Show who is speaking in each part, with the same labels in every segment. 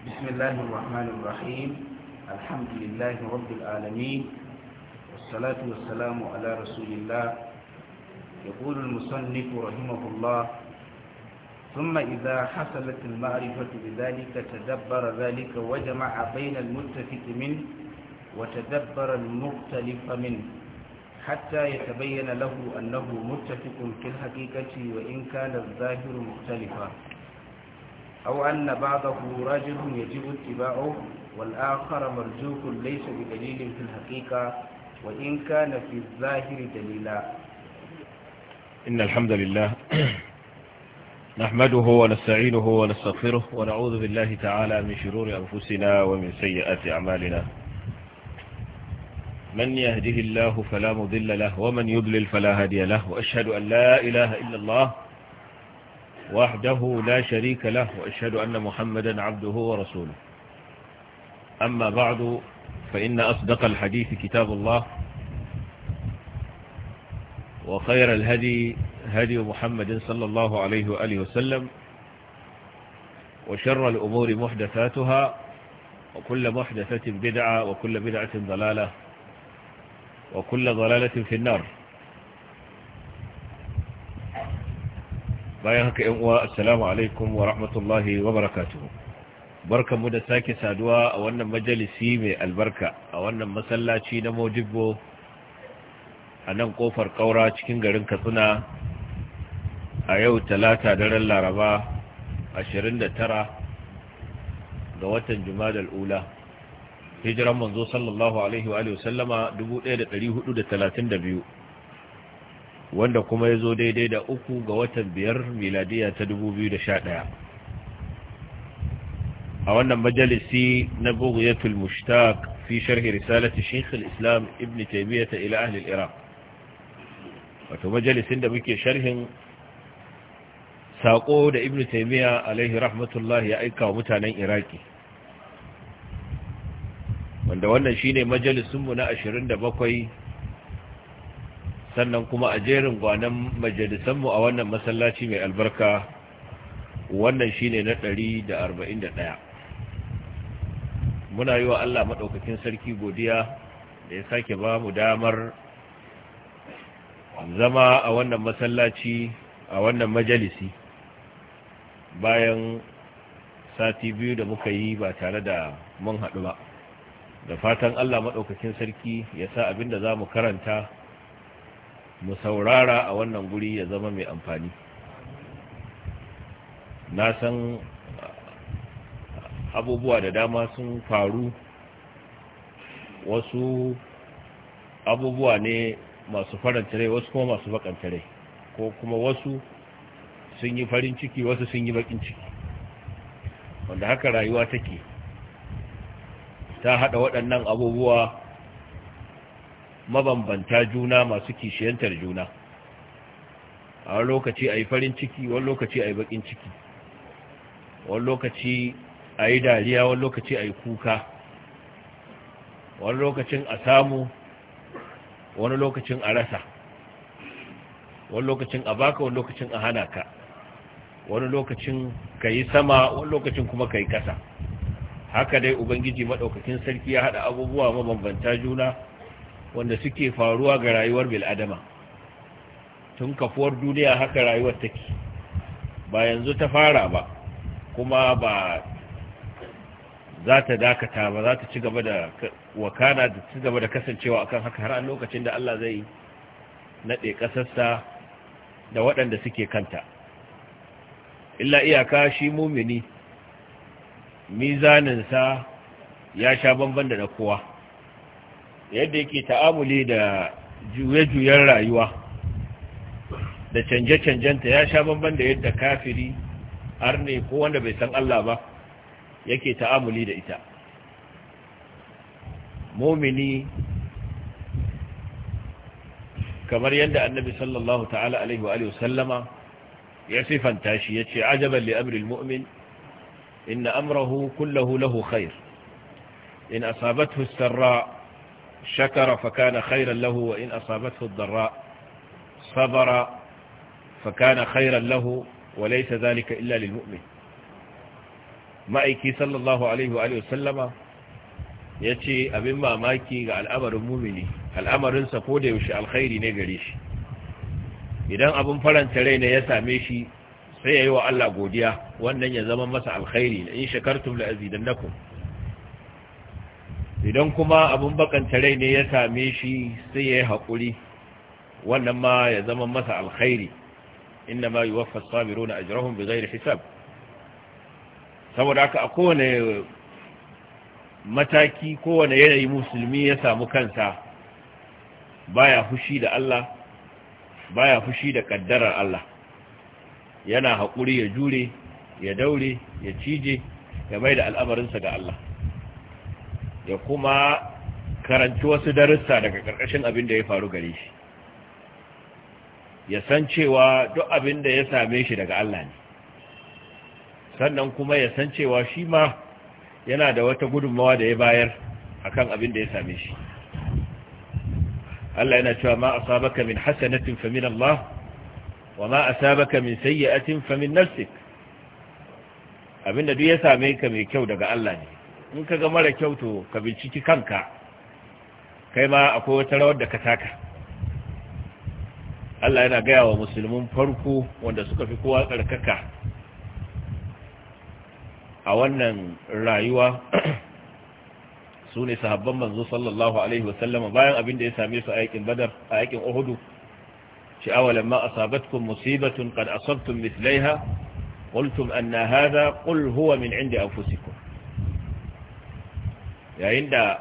Speaker 1: بسم الله الرحمن الرحيم الحمد لله رب العالمين والصلاة والسلام على رسول الله يقول المصنف رحمه الله ثم إذا حصلت المعرفة بذلك تدبر ذلك وجمع بين المتفق منه وتدبر المختلف منه حتى يتبين له أنه متفق في الحقيقة وإن كان الظاهر مختلفا أو أن بعضه رجل يجب اتباعه والآخر مرزوق ليس بدليل في الحقيقة وإن كان في الظاهر دليلا إن الحمد لله نحمده ونستعينه ونستغفره ونعوذ بالله تعالى من شرور أنفسنا ومن سيئات أعمالنا من يهده الله فلا مضل له ومن يضلل فلا هادي له وأشهد أن لا إله إلا الله وحده لا شريك له وأشهد أن محمدا عبده ورسوله أما بعد فإن أصدق الحديث كتاب الله وخير الهدي هدي محمد صلى الله عليه وآله وسلم وشر الأمور محدثاتها وكل محدثة بدعة وكل بدعة ضلالة وكل ضلالة في النار bayan haka yan uwa assalamu alaikum wa rahmatullahi wa barakatuhu barkanmu da sake saduwa a wannan majalisi mai albarka a wannan masallaci na Modibbo a nan kofar kaura cikin garin Katsina a yau talata daren Laraba 29 ga watan Jumadal Ula hijiran manzo sallallahu alaihi wa alihi wasallama 1432 wanda kuma ya zo daidai da uku ga watan biyar miladiya ta 2011 a wannan majalisi na Bugu mushtaq fi sharhi risalati shaykh al-islam ibn taymiyyah ila ahli al-iraq wato majalisin da muke sharhin sako da ibn taymiyyah alaihi rahmatullah ya aika wa mutanen iraki wanda wannan shine majalisinmu na 27 sannan kuma a jerin gwanan majalisanmu a wannan masallaci mai albarka wannan shine na 141 muna yi wa Allah maɗaukakin sarki godiya da ya sake ba mu damar zama a wannan masallaci a wannan majalisi bayan sati biyu da muka yi ba tare da mun haɗu ba da fatan Allah maɗaukakin sarki ya sa abinda za mu karanta mu saurara a wannan guri ya zama mai amfani na san abubuwa da dama sun faru wasu abubuwa ne masu faranta rai wasu kuma masu bakanta rai ko kuma wasu sun yi farin ciki wasu sun yi bakin ciki wanda haka rayuwa take ta hada waɗannan abubuwa mabambanta juna masu kishiyantar juna a wani lokaci a yi farin ciki wani lokaci a yi bakin ciki wani lokaci a yi dariya wani lokaci a yi kuka wani lokacin a samu wani lokacin a rasa wani lokacin a baka wani lokacin a hana ka wani lokacin ka yi sama wani lokacin kuma ka yi kasa haka dai ubangiji maɗaukakin sarki ya haɗa abubuwa mabambanta juna wanda suke faruwa ga rayuwar bil'adama tun kafuwar duniya haka rayuwar take ba yanzu ta fara ba kuma ba za ta dakata ba za ta ci gaba da wakana da ci gaba da kasancewa akan haka har an lokacin da Allah zai naɗe ƙasarsa da waɗanda suke kanta illa iyaka shi mumini mizaninsa ya sha bamban da na kowa yadda yake ta'amuli da juye-juyen rayuwa da canje-canjenta ya sha bamban da yadda kafiri ne, ko wanda bai san Allah ba yake ta'amuli da ita momini kamar yadda annabi sallallahu ta'ala alaihi wa sallama ya sifanta shi ya ce ajabar li'amril mu'min inna amrahu kullahu lahu khair in asabathu sarra شكر فكان خيرا له وإن أصابته الضراء صبر فكان خيرا له وليس ذلك إلا للمؤمن ma'aiki sallallahu alaihi wa sallama ya ce abin mamaki ga al'amarin mumini al'amarinsa ko da yaushe alkhairi ne gare shi idan abin faranta rai ne ya same shi sai ya yi wa Allah godiya wannan ya zama masa alkhairi in shakartum la azidannakum idan kuma abin bakanta rai ne ya same shi sai ya yi haƙuri wannan ma ya zama masa alkhairi inda ma yi wafa samiru na ajirahun zai hisab saboda haka a kowane mataki kowane yanayi musulmi ya samu kansa baya fushi da Allah baya fushi da kaddarar Allah yana haƙuri ya jure ya daure ya cije ya mai da al'amarinsa ga Allah ya kuma karanci wasu darussa daga ƙarƙashin abin da ya faru gare shi ya san cewa duk abin da ya same shi daga Allah ne sannan kuma ya san cewa shi ma yana da wata gudunmawa da ya bayar akan abin da ya same shi Allah yana cewa ma asabaka min hasanatin fa min Allah wa ma asabaka min sayyi'atin fa min nafsik da duk ya same ka mai kyau daga Allah ne in ka ga mara kyau to ka binciki kanka kai ma akwai wata rawar da ka taka Allah yana gaya wa musulmin farko wanda suka fi kowa tsarkaka a wannan rayuwa su ne sahabban manzo sallallahu alaihi wasallama bayan abin da ya same su a yakin a uhudu shi awalan ma asabatkum musibatun qad asabtum mithlaiha qultum anna hadha qul huwa min indi anfusikum yayin da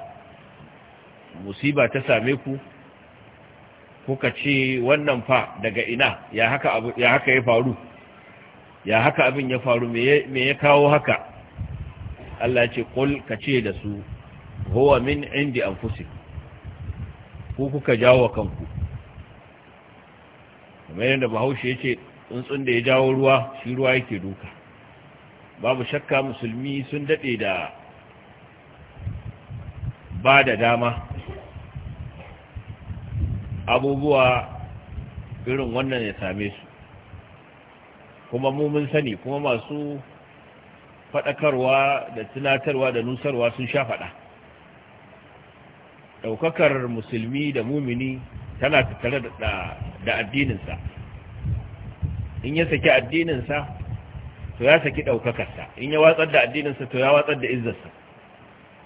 Speaker 1: musiba ta same ku kuka ce wannan fa daga ina ya haka abu ya haka ya faru ya haka abin ya faru me ya kawo haka Allah ce kul ka ce da su huwa min indi anfusikum ku kuka jawo kanku kamar yadda bahaushe ce, tsuntsun da ya jawo ruwa shi ruwa yake duka babu shakka musulmi sun dade da ba da dama abubuwa irin wannan ya same su kuma mu mun sani kuma masu faɗakarwa da tunatarwa da nusarwa sun sha faɗa ɗaukakar musulmi da mumini tana tattare da addininsa in ya saki addininsa to ya saki ɗaukakarsa in ya watsar da addininsa to ya watsar da izzarsa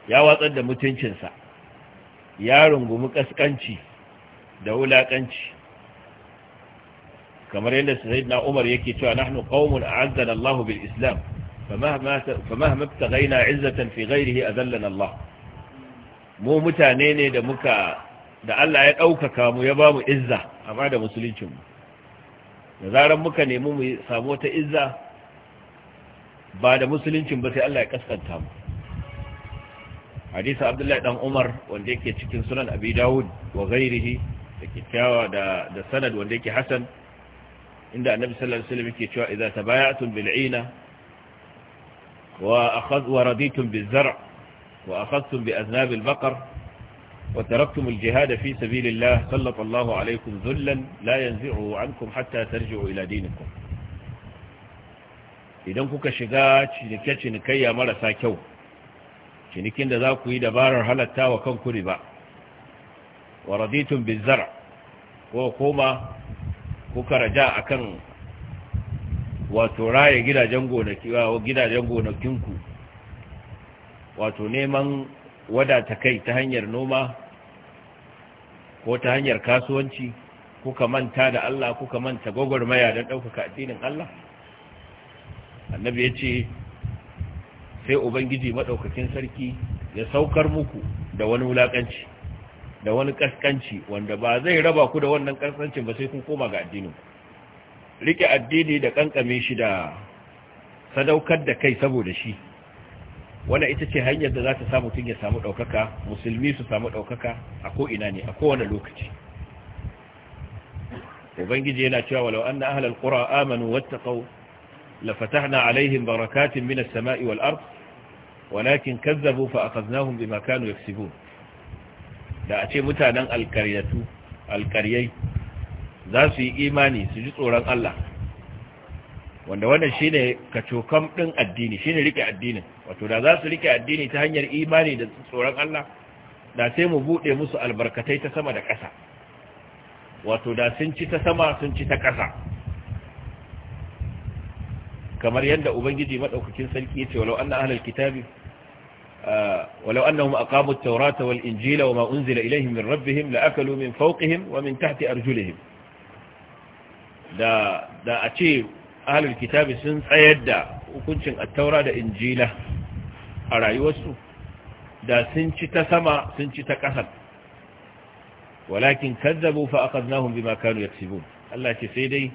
Speaker 1: ya watsar da mutuncinsa ya rungumi kaskanci da wulaƙanci kamar yadda na Umar yake cewa nahnu qaumun a'azzana Allah bil Islam famahma famahma tagayna 'izzatan fi a zallan Allah mu mutane ne da muka da Allah ya ɗaukaka mu ya bamu izza amma da musuluncin mu da zaran muka nemi mu samu wata izza ba da musuluncin ba sai Allah ya ƙasƙanta mu hadisa abdullahi dan umar wanda yake cikin sunan abi dawud wa ghairihi da kyakkyawa da da sanad wanda yake hasan inda annabi sallallahu alaihi wasallam yake cewa idza tabaya'tum bil'ina wa akhadh wa raditum biz-zar' wa akhadhtum bi aznab al-baqar wa taraktum al-jihad fi sabilillah sallallahu alaykum dhullan la yanzi'u 'ankum hatta tarji'u ila dinikum idan kuka shiga cinikayya marasa kyau cinikin da za ku yi dabarar halatta wa kanku riba wa raditun bizar ko koma kuka raja akan wato raya gidajen gonakinku wato neman wadata kai ta hanyar noma ko ta hanyar kasuwanci kuka manta da Allah kuka manta gwagwarmaya don ɗaukaka addinin Allah annabi ya ce sai ubangiji madaukakin sarki ya saukar muku da wani wulakanci da wani kaskanci wanda ba zai raba ku da wannan kaskancin ba sai kun koma ga addinin rike addini da kankame shi da sadaukar da kai saboda shi wannan ita ce hanyar da za ta samu tun ya samu ɗaukaka musulmi su samu ɗaukaka a ko'ina ne a kowane lokaci ubangiji yana cewa walau an na ahalar ƙura amanu wata lafatahna alaihin barakatin minas sama'i wal ard walakin kazzabu fa akhadnahum bima kanu yaksibun da a ce mutanen alkaryatu za su yi imani su ji tsoron Allah wanda wannan shine kacokam din addini shine rike addinin wato da za su rike addini ta hanyar imani da tsoron Allah da sai mu bude musu albarkatai ta sama da ƙasa wato da sun ci ta sama sun ci ta ƙasa kamar yadda ubangiji madaukakin sarki yace walau anna ahlal kitabi walau annahum aqamu at-taurata wal injila wama zila ilayhim min rabbihim laakalu min fawqihim wa min tahti arjulihim da da a ce ahlul kitabi sun tsayar da hukuncin at-taura da injila a rayuwarsu da sun ci ta sama sun ci ta ƙasa walakin kazzabu fa aqadnahum bima kanu yaksibun Allah ce sai dai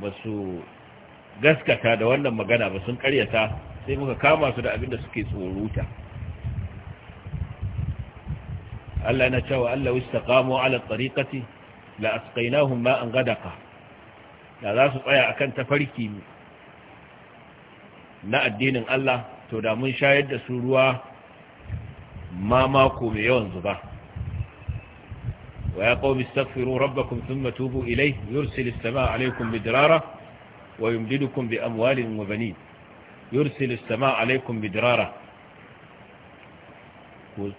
Speaker 1: basu gaskata da wannan magana ba sun karyata sai muka kama su da abinda suke tsoruta Allah yana cewa Allah istaqamu ala tariqati la asqaynahum ma'an gadaqa da za su tsaya akan tafarki na addinin Allah to da mun shayar da su ruwa ma mako mai yawan zuba ويا قوم استغفروا ربكم ثم توبوا إليه يرسل السماء عليكم مدرارا ويمددكم بأموال وبنين يرسل السماء عليكم بدرارة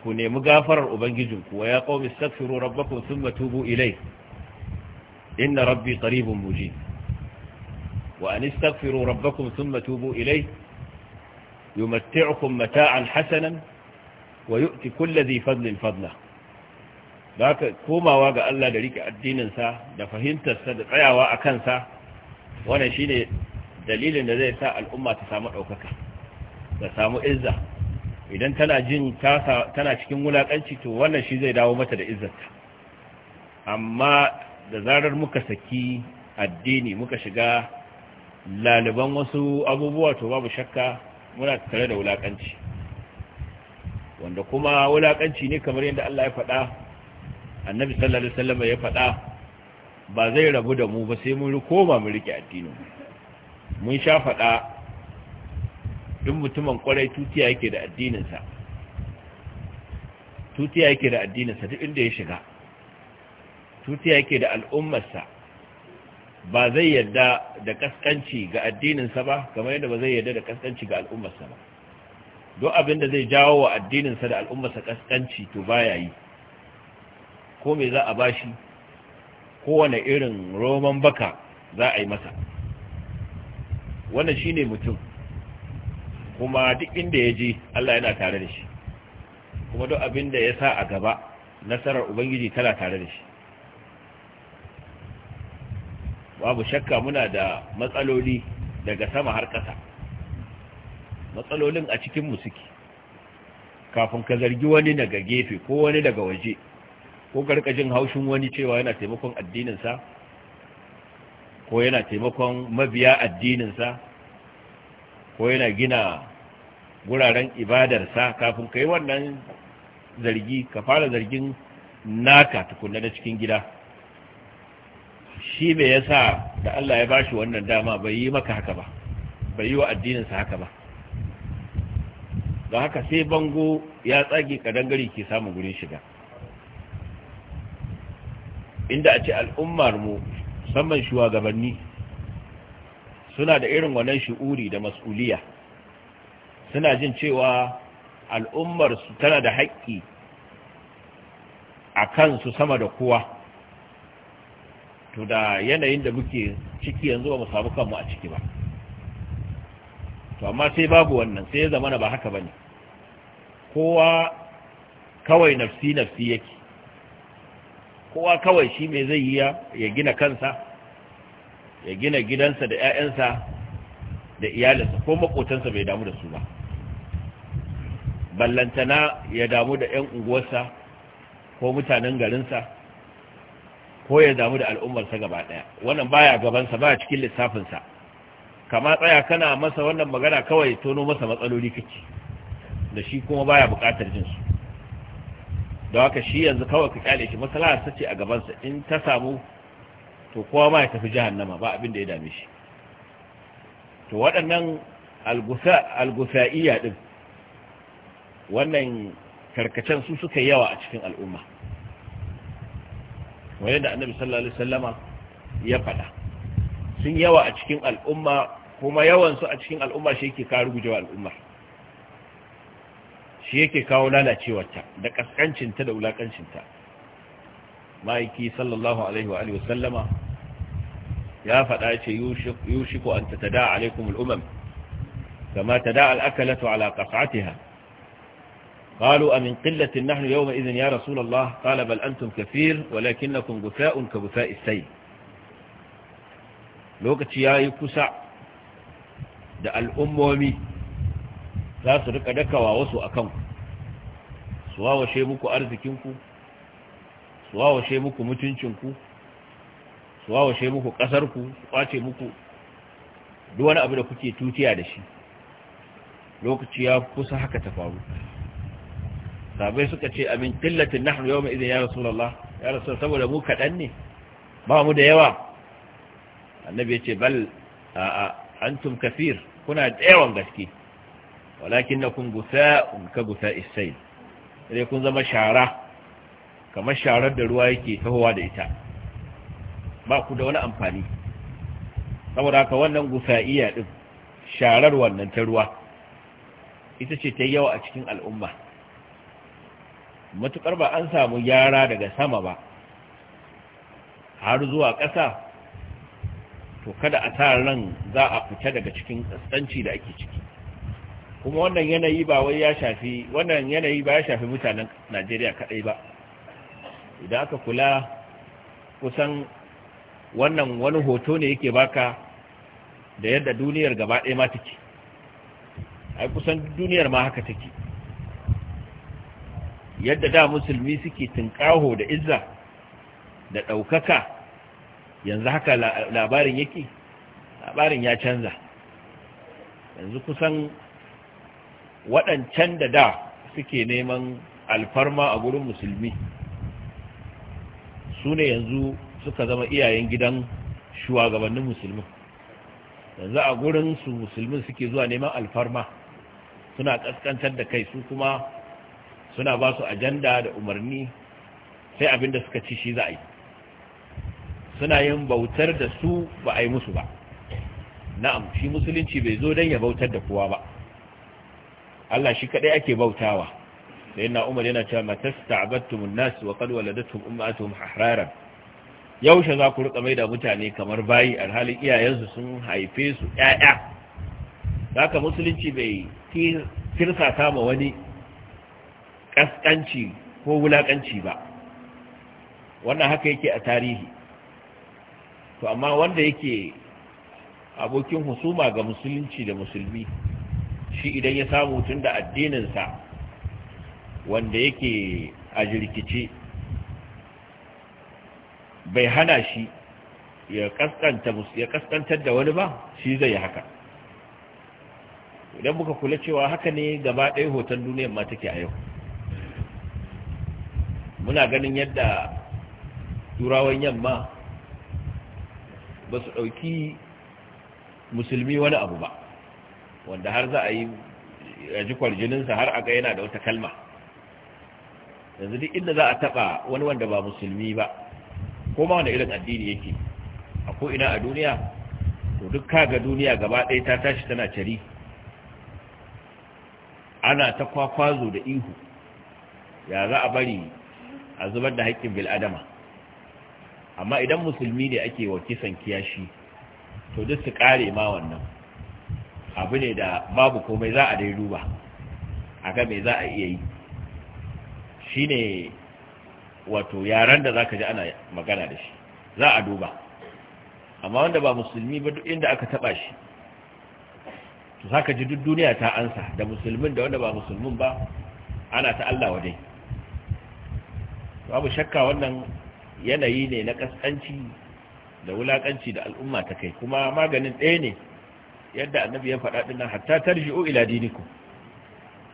Speaker 1: كوني مغافر أبنجزك ويا قوم استغفروا ربكم ثم توبوا إليه إن ربي قريب مجيب وأن استغفروا ربكم ثم توبوا إليه يمتعكم متاعا حسنا ويؤتي كل ذي فضل فضله da haka komawa الله لديك الدين rike دفهمت da fahimtarsa da wannan shine dalilin da zai sa al'umma ta samu ɗaukaka ta samu izza idan tana jin tana cikin wulaƙanci to wannan shi zai dawo mata da izzarta amma da zarar muka saki addini muka shiga laliban wasu abubuwa to babu shakka muna tare da wulaƙanci wanda kuma wulaƙanci ne kamar yadda Allah ya faɗa annabi sallallahu alaihi wasallam ya faɗa ba zai rabu da mu ba sai mun koma mu rike addinin mun sha faɗa duk mutumin kwarai tutiya yake da addininsa tutiya yake da addininsa duk inda ya shiga tutiya yake da al'ummarsa ba zai yadda da kaskanci ga addininsa ba kamar yadda ba zai yadda da kaskanci ga al'ummarsa ba don abin da zai jawo wa addininsa da al'ummarsa kaskanci to baya yi ko me za a bashi kowane irin roman baka za a yi masa wannan shine mutum kuma duk inda ya je Allah yana tare da shi kuma duk abin da ya sa a gaba nasarar ubangiji tana tare da shi babu shakka muna da matsaloli daga sama har ƙasa matsalolin a cikinmu suke kafin ka zargi wani daga gefe ko wani daga waje ko karka haushin wani cewa yana taimakon addininsa ko yana taimakon mabiya addininsa ko yana gina wuraren ibadarsa kafin ka yi wannan zargi ka fara zargin naka tukunna na cikin gida shi mai yasa da Allah ya bashi wannan dama bai yi maka haka ba bai yi wa addininsa haka ba da haka sai bango ya tsage kadangare ke samun gurin shiga inda a ce al'ummar mu musamman shugabanni suna da irin wannan shi'uri da mas'uliya suna jin cewa al'ummar su tana da haƙƙi a kansu sama da kowa to da yanayin da muke ciki yanzu ba mu samu kanmu a ciki ba to amma sai babu wannan sai ya zama ba haka ba ne kowa kawai nafsi-nafsi yake kowa kawai shi mai zai yi ya gina kansa ya gina gidansa da 'ya'yansa da iyalinsa ko makotansa bai damu da su ba ballantana ya damu da 'yan unguwarsa ko mutanen garinsa ko ya damu da al'ummarsa gaba ɗaya wannan baya gabansa ba a cikin lissafinsa kama tsaya kana masa wannan magana kawai tono masa matsaloli kake da shi kuma baya buƙatar jinsu don haka shi yanzu kawai ka kyale shi maslaha ta ce a gabansa in ta samu to kowa ma ya tafi jahannama ba abin da ya dame shi to waɗannan algusa'iyya ɗin wannan karkacen su suka yawa a cikin al'umma wani da annabi sallallahu alaihi sallama ya faɗa sun yawa a cikin al'umma kuma yawansu a cikin al'umma shi ke karu gujewa al'ummar shi yake kawo lalacewarta da ƙasƙancinta da wulaƙancinta. ma'aiki sallallahu alaihi wa wasallama ya faɗa ce yushiku an tatada alaikum al'umam kama tada al'akalatu ala qas'atiha ya أمن قلة نحن يومئذ tun kafir, الله na kun أنتم كثير ka غثاء isai. Lokaci ya yi يكسع da al'ummomi za su rika dakawa wasu a kanku su wawashe muku arzikinku su wawashe muku mutuncinku su wawashe muku ƙasarku su kwace muku duk wani abu da kuke tutiya da shi lokaci ya kusa haka ta faru sabai suka ce amin killatin nahnu mai idan ya lalla, ya rasul saboda mu kaɗan ne ba mu da yawa annabi ya ce bal a'a antum kafir kuna da yawan gaske Walakin na gusa in ka gusa isai sai kun zama shara kamar sharar da ruwa yake tahowa da ita ba ku da wani amfani saboda haka wannan gusa iya din sharar wannan ta ruwa ita ce ta yawa a cikin al'umma matukar ba an samu yara daga sama ba har zuwa ƙasa to kada a sa ran za a fita daga cikin tsanci da ake ciki kuma wannan yanayi ba wai ya shafi wannan yanayi ba ya shafi mutanen Najeriya kadai ba idan aka kula kusan wannan wani hoto ne yake baka da yadda duniyar gaba ɗaya ma take ai kusan duniyar ma haka take yadda da musulmi suke tunƙaho da izza da ɗaukaka yanzu haka labarin yake labarin ya canza yanzu kusan waɗancan da da suke neman alfarma a gurin musulmi su ne yanzu suka zama iyayen gidan shugabannin musulmi yanzu a gurin su musulmi suke zuwa neman alfarma suna ƙasƙantar da kai su kuma suna ba su ajanda da umarni sai abinda suka ci shi za a yi suna yin bautar da su ba a yi musu ba na'am shi musulunci bai zo don ya bautar da kowa ba Allah shi kaɗai ake bautawa Da yana Umar yana cewa matasta'abattumun nasu wa qad waladatuhum ummatuhum Yau yaushe za ku rika mai da mutane kamar bayi alhalin iyayensu sun haife su ƴaƴa ka musulunci bai ta ma wani ƙasƙanci ko wulaƙanci ba wannan haka yake a tarihi to amma wanda yake abokin husuma ga musulunci da musulmi shi idan ya samu tun da addininsa wanda yake a jirkice bai hana shi ya kaskantar da wani ba shi zai haka idan muka kula cewa haka ne gaba ɗaya hoton duniyar ma take a yau muna ganin yadda turawan yamma ba su ɗauki musulmi wani abu ba wanda har za a yi a ji kwarjininsa har ga yana da wata kalma yanzu duk inda za a taɓa wani wanda ba musulmi ba ko ma wani irin addini yake a ko'ina a duniya to duk kaga duniya gaba ɗaya ta tashi tana cari ana ta kwakwazo da ihu ya za a bari a zubar da haƙƙin bil'adama amma idan musulmi ne ake wa kisan kiyashi to duk su ƙare ma wannan abu ne da babu komai za a dai duba a ga me za a iya yi Shi ne wato yaran da za ka ji ana magana da shi za a duba amma wanda ba musulmi ba duk inda aka taba shi to za ka ji duk duniya ta ansa da musulmin da wanda ba musulmin ba ana ta Allah wadai babu shakka wannan yanayi ne na kaskanci da wulakanci da al'umma ta kai kuma maganin ɗaya ne yadda annabi ya faɗa dinnan hatta tarji'u ila dinikum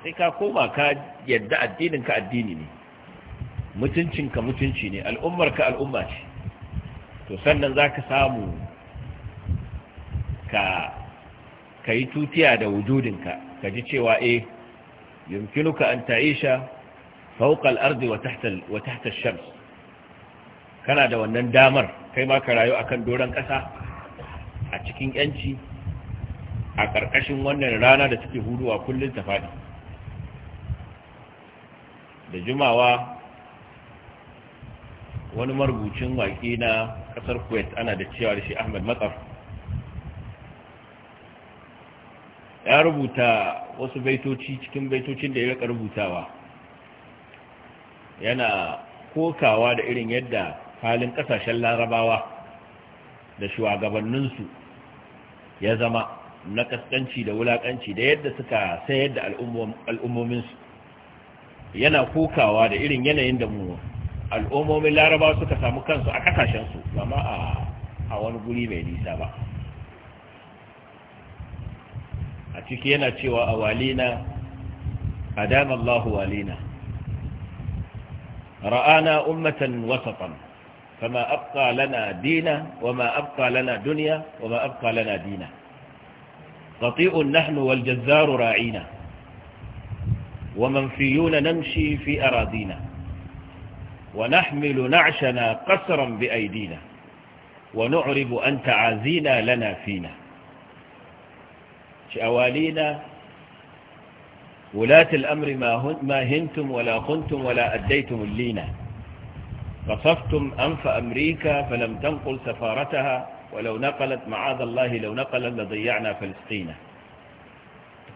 Speaker 1: sai ka koma ka yadda addinin ka addini ne Mutuncinka mutunci ne al'ummar ka al'umma ce to sannan zaka samu ka yi tutiya da wujudinka ka ji cewa eh yankinuka an ta'isha fawqa al-ardi wa shams kana da wannan damar kai ma ka rayu akan doron ƙasa a cikin yanci a ƙarƙashin wannan rana da suke huduwa kullum ta faɗi da jimawa wani marubucin waƙi na ƙasar kuwait ana da cewa da shi ahmad matsar ya rubuta wasu baitoci cikin baitocin da ya ka rubutawa yana kokawa da irin yadda halin ƙasashen larabawa da shugabanninsu ya zama na kaskanci da wulakanci da yadda suka sayar da al'ummominsu yana kokawa da irin yanayin da mu al'ummomin laraba suka samu kansu a kasashensu ba a wani guri mai nisa ba a ciki yana cewa a walina adama Allahu walina ra'ana ummatan wasatan kama abqa lana dina wa ma abqa lana duniya wa ma abqa lana dina قطيع نحن والجزار راعينا ومنفيون نمشي في أراضينا ونحمل نعشنا قسرا بأيدينا ونعرب أن تعازينا لنا فينا شأوالينا ولاة الأمر ما هنتم ولا خنتم ولا أديتم اللينا قصفتم أنف أمريكا فلم تنقل سفارتها walau naqalat ma'az Allah law naqalat la dayya'na Palestina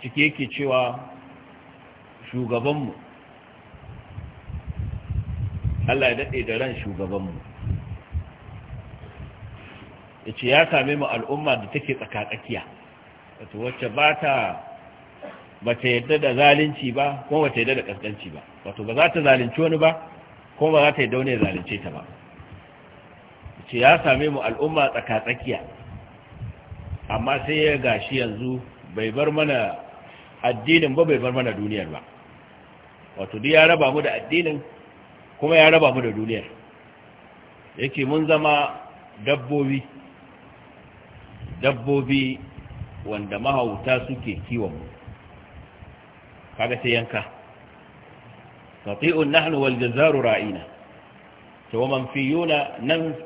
Speaker 1: cike yake cewa shugabanmu Allah ya dade da ran shugabanmu yace ya same mu al'umma da take tsakatsakiya wato wacce ba ta ba yadda da zalunci ba kuma ba ta yadda da ƙasƙanci ba wato ba za ta zalunci wani ba kuma ba za ta yadda wani ya zalunce ta ba ce ya same mu al'umma tsaka-tsakiya. amma sai ya gashi yanzu bai bar mana addinin ba bai bar mana duniyar ba wato duk ya raba mu da addinin kuma ya raba mu da duniyar yake mun zama dabbobi dabbobi wanda mahauta suke kiwon mu kaga sai yanka tati'un nahnu wal jazaru ra'ina to wa manfiyuna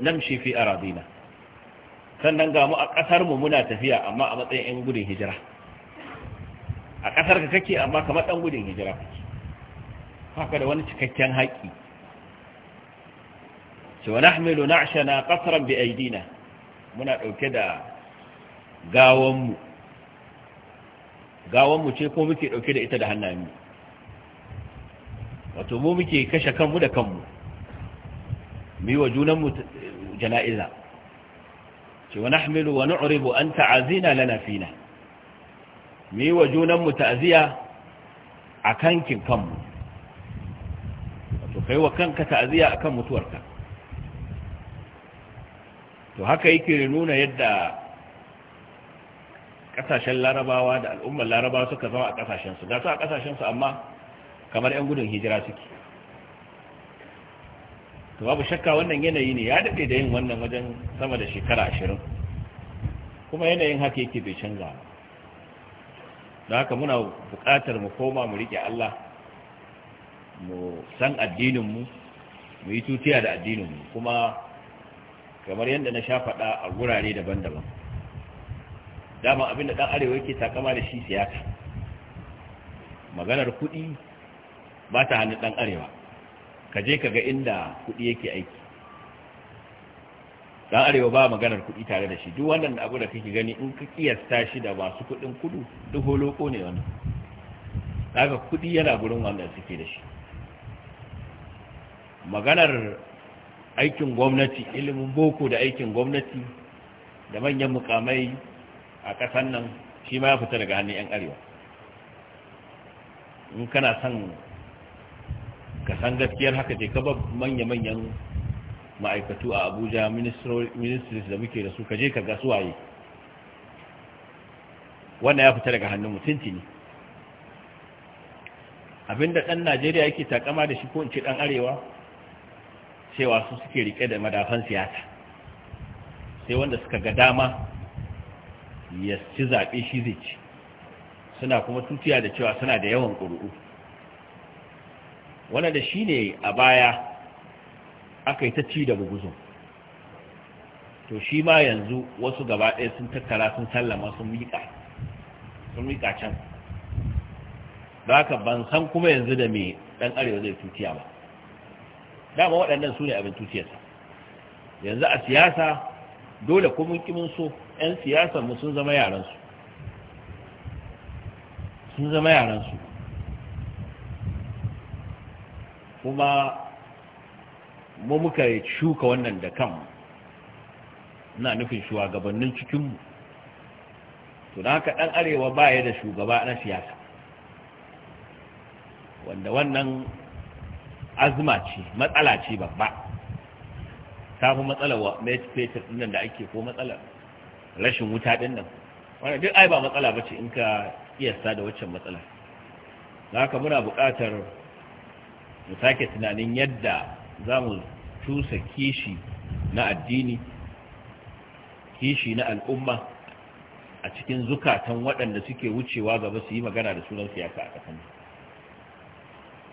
Speaker 1: namshi fi aradina sannan ga mu a kasar mu muna tafiya amma a matsayin yan gudun hijira a kasar ka kake amma kamar ɗan gudun hijira kake haka da wani cikakken haƙi ce wa nahmilu na'shana qasran bi aidina muna dauke da gawanmu gawanmu ce ko muke dauke da ita da hannayenmu wato mu muke kashe kanmu da kanmu mu yi wa junanmu jana'iza ce wa nahmilu wa nu'ribu an ta'azina lana fina mu yi wa junanmu ta'aziya a kankin kanmu to kai wa kanka ta'aziya akan mutuwarka to haka yake nuna yadda kasashen larabawa da al'ummar larabawa suka zama a kasashensu da su a kasashensu amma kamar 'yan gudun hijira suke to babu shakka wannan yanayi ne ya daɗe da yin wannan wajen sama da shekara ashirin kuma yanayin haka yake bai canza ba. da haka muna buƙatar mu koma mu rike Allah mu san addininmu mu yi tutiya da addinin mu, kuma kamar yadda na sha faɗa a gurare daban-daban dama abinda ɗan arewa yake takama da shi siyasa maganar kuɗi ba ta hannun ɗan arewa ka je ka ga inda kuɗi yake aiki dan arewa ba maganar kuɗi tare da shi duk wannan abu da kake gani in ka kiyasta shi da masu kuɗin kudu duk holoko ne wannan daga kuɗi yana gurin wanda suke da shi maganar aikin gwamnati ilimin boko da aikin gwamnati da manyan mukamai a ƙasar nan shi ma ya fita daga hannun 'yan arewa in kana son ka san gaskiyar haka ce ka ba manya-manyan ma'aikatu a abuja ministries da muke da su ka je ka ga waye. wannan ya fita daga hannun mutunci ne abinda ɗan najeriya yake takama da shi ko in ce ɗan arewa cewa su suke rike da madafan siyasa sai wanda suka ga dama ya ci zaɓe shi zai ci suna kuma tutiya da cewa suna da yawan ƙuri'u wannan da ne a baya aka yi ta ci da buguzun to shi ma yanzu wasu gaba ɗaya sun tattara sun sallama sun miƙa sun miƙa can ba ka ban san kuma yanzu da me ɗan arewa zai tutiya ba dama waɗannan su ne abin tutiyarsa yanzu a siyasa dole kuma kimin so 'yan siyasar mu sun zama yaransu sun zama yaransu kuma mu muka shuka wannan da kan na nufin shugabannin cikinmu to da haka ɗan arewa baya da shugaba na siyasa wanda wannan azuma ce matsala ce babba ta fi matsala wa metafetar ɗinnan da ake ko matsala rashin wuta ɗinnan wanda duk ai ba matsala ba ce in ka iya sa da waccan matsala da haka muna buƙatar mu sake tunanin yadda za mu cusa kishi na addini kishi na al'umma a cikin zukatan waɗanda suke wucewa gaba su yi magana da sunan siyasa a ƙasan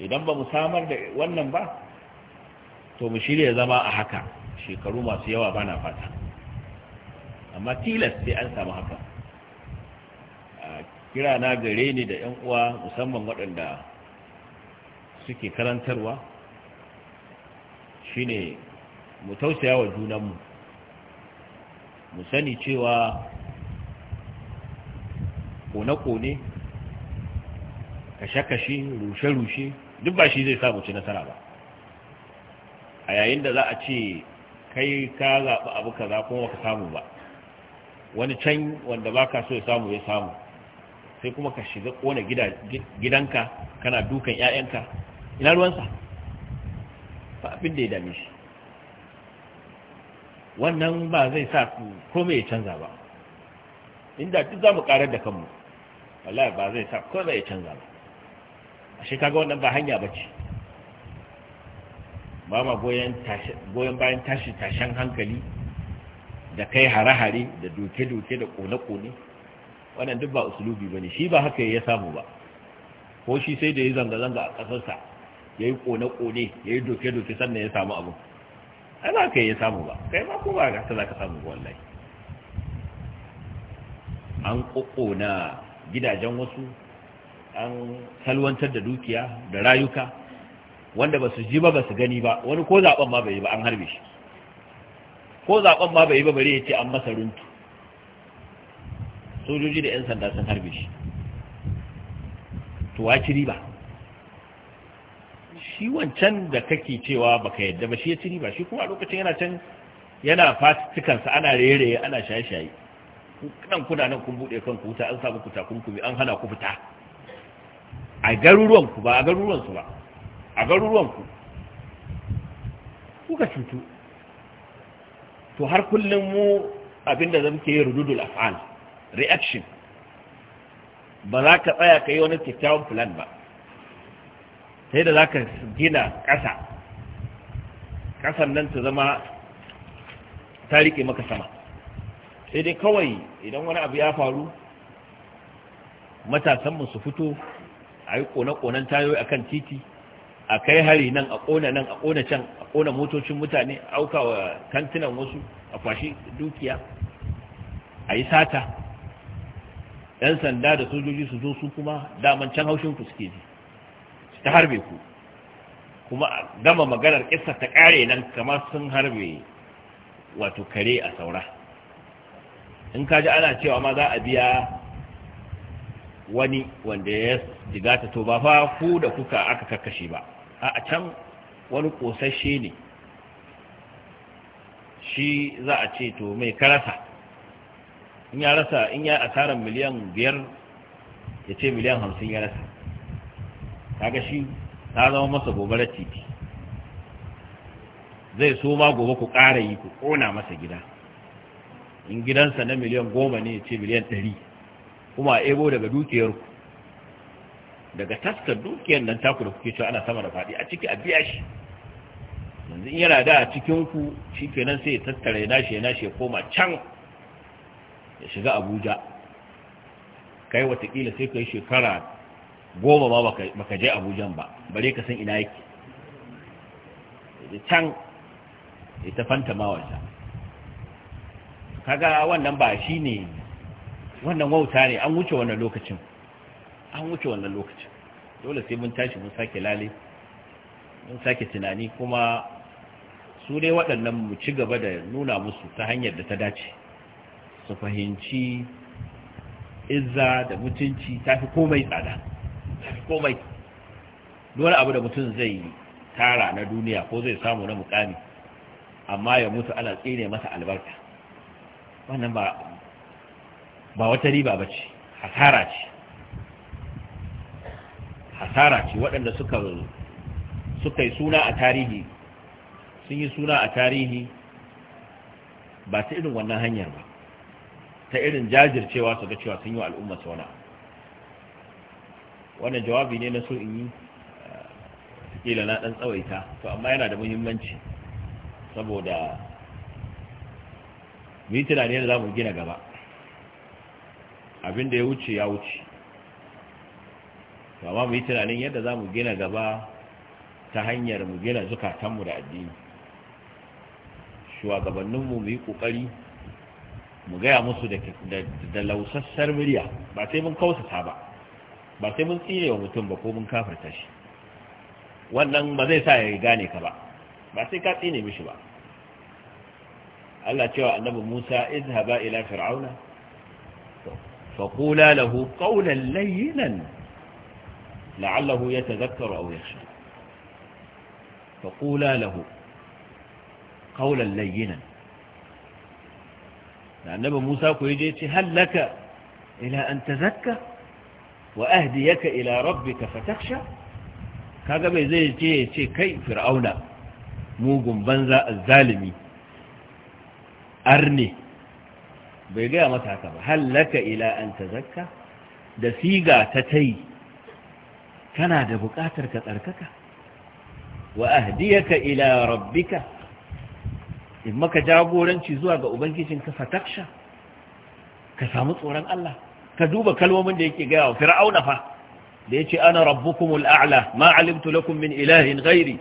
Speaker 1: idan ba mu samar da wannan ba to mu shirya zama a haka shekaru masu yawa ba na fata amma tilas sai an samu haka kira na gare ni da 'yan uwa musamman waɗanda suke karantarwa shine mu tausaya wa junanmu mu sani cewa kone-kone kashe-kashe rushe-rushe duk ba shi zai samu ci nasara ba a yayin da za a ce kai ka zaɓi abu za kuma ka samu ba wani can wanda ba ka so ya samu ya samu sai kuma ka shiga kona gidanka kana dukan 'ya'yanka ina ruwansa ba abin da ya dame shi wannan ba zai sa ku komai ya canza ba inda duk za mu karar da kanmu wallahi ba zai sa komai ya canza ba a shekaga wannan ba hanya ba ce ba ma goyon bayan tashi tashen hankali da kai hare-hare da doke-doke da kone-kone wannan duk ba usulubi ba ne shi ba haka ya samu ba ko shi sai da ya zanga-zanga a ƙasarsa ya yi kone-kone ya yi doke-doke sannan ya samu abu ana ka yi samu ba kai ma ko ba ga ta za ka samu wallai? an ƙoƙona gidajen wasu an salwantar da dukiya da rayuka wanda ba su ji ba ba su gani ba wani ko zaɓen ma bai yi ba an harbe shi ko zaɓen ma bai yi ba bari ya ce an masa runtu sojoji da 'yan sanda sun harbe shi to wa ci riba shi wancan da kake cewa baka yadda ba shi ya ciri ba shi kuma a lokacin yana can yana fatikansa ana rere ana shaye-shaye kan kuna nan kun buɗe kanku wuta an samu ku takunkumi an hana ku fita a garuruwanku ba a garuruwan su ba a garuruwanku kuka cutu to har kullum mu abinda zan ke rududul af'al reaction ba za ka tsaya ka yi wani kyakkyawan plan ba sai da za ka gina ƙasa ƙasan nan ta zama ta riƙe maka sama sai dai kawai idan wani abu ya faru matasanmu su fito a yi ƙone-ƙonen tayoyi a kan titi a kai hari nan a ƙona nan a ƙona can a ƙona motocin mutane auka wa kantinan wasu a kwashi dukiya a yi sata 'yan sanda da sojoji su zo su kuma daman can haushin ku suke ji ta harbe ku kuma gama maganar kisa ta kare nan kamar sun harbe wato kare a saura in ka ji ana cewa ma za a biya wani wanda ya ta to ba fa ku da kuka aka karkashe ba a can wani kosashe ne shi za a ce to mai karasa in ya rasa in ya asarar miliyan biyar ya ce miliyan hamsin ya rasa kaga shi ta zama masa gobarar titi zai so ma gobe ku kara yi ku kona masa gida in gidansa na miliyan goma ne ce miliyan ɗari kuma a ebo daga dukiyarku daga taskar dukiyar nan taku da kuke cewa ana sama da faɗi a ciki a biya shi yanzu in yana da a cikinku shi kenan sai ya tattara ya nashi ya nashi ya koma can ya shiga abuja kai watakila sai kai shekara goma ma baka je abujan ba bare ka san ina yake da can Ita fanta fanta mawarsa kaga wannan ba shi ne wannan wauta ne an wuce wannan lokacin an wuce wannan lokacin dole sai mun tashi mun sake lale mun sake tunani kuma su dai waɗannan mu ci gaba da nuna musu ta hanyar da ta dace su fahimci izza da mutunci ta fi komai tsada komai dole abu da mutum zai tara na duniya ko zai samu na mukami amma ya mutu ana tsine masa albarka wannan ba ba wata riba ba ce hasara ce hasara ce waɗanda suka suka yi suna a tarihi sun yi suna a tarihi ba ta irin wannan hanyar ba ta irin jajircewa su ga cewa sun yi al'umma abu wannan jawabi ne na so in yi eh, kila na dan tsawaita to amma yana da muhimmanci saboda mu yi za mu gina gaba abin ya wuce ya wuce to amma mu yi tunanin yadda za mu gina gaba ta hanyar mu gina zukatanmu da addini shugabanninmu mu yi ƙoƙari, mu gaya musu da lausassar murya ba sai mun kausata ba ba sai mun tsine wa mutum ba ko mun kafarta shi wannan ba zai sa ya gane ka ba ba sai ka tsine mishi ba Allah cewa annabi Musa izhaba ila fir'auna fa qula lahu qawlan layyinan la'allahu yatadhakkaru aw yakhsha fa qula lahu qawlan layyinan da annabi Musa ku yi je ce hallaka ila an tazakka wa ahdiyaka ila rabbika fatakhsha kaga bai zai ce ya ce kai fir'auna mugun banza azzalimi arne bai gaya mata ka ba hallaka ila an tazakka da siga ta tai kana da bukatar ka tsarkaka wa ahdiyaka ila rabbika in maka jagoranci zuwa ga ubangijinka fataksha ka samu tsoron Allah ka duba kalmomin da yake gaya wa fir'auna fa da yace ana rabbukumul a'la ma alimtu lakum min ilahin ghairi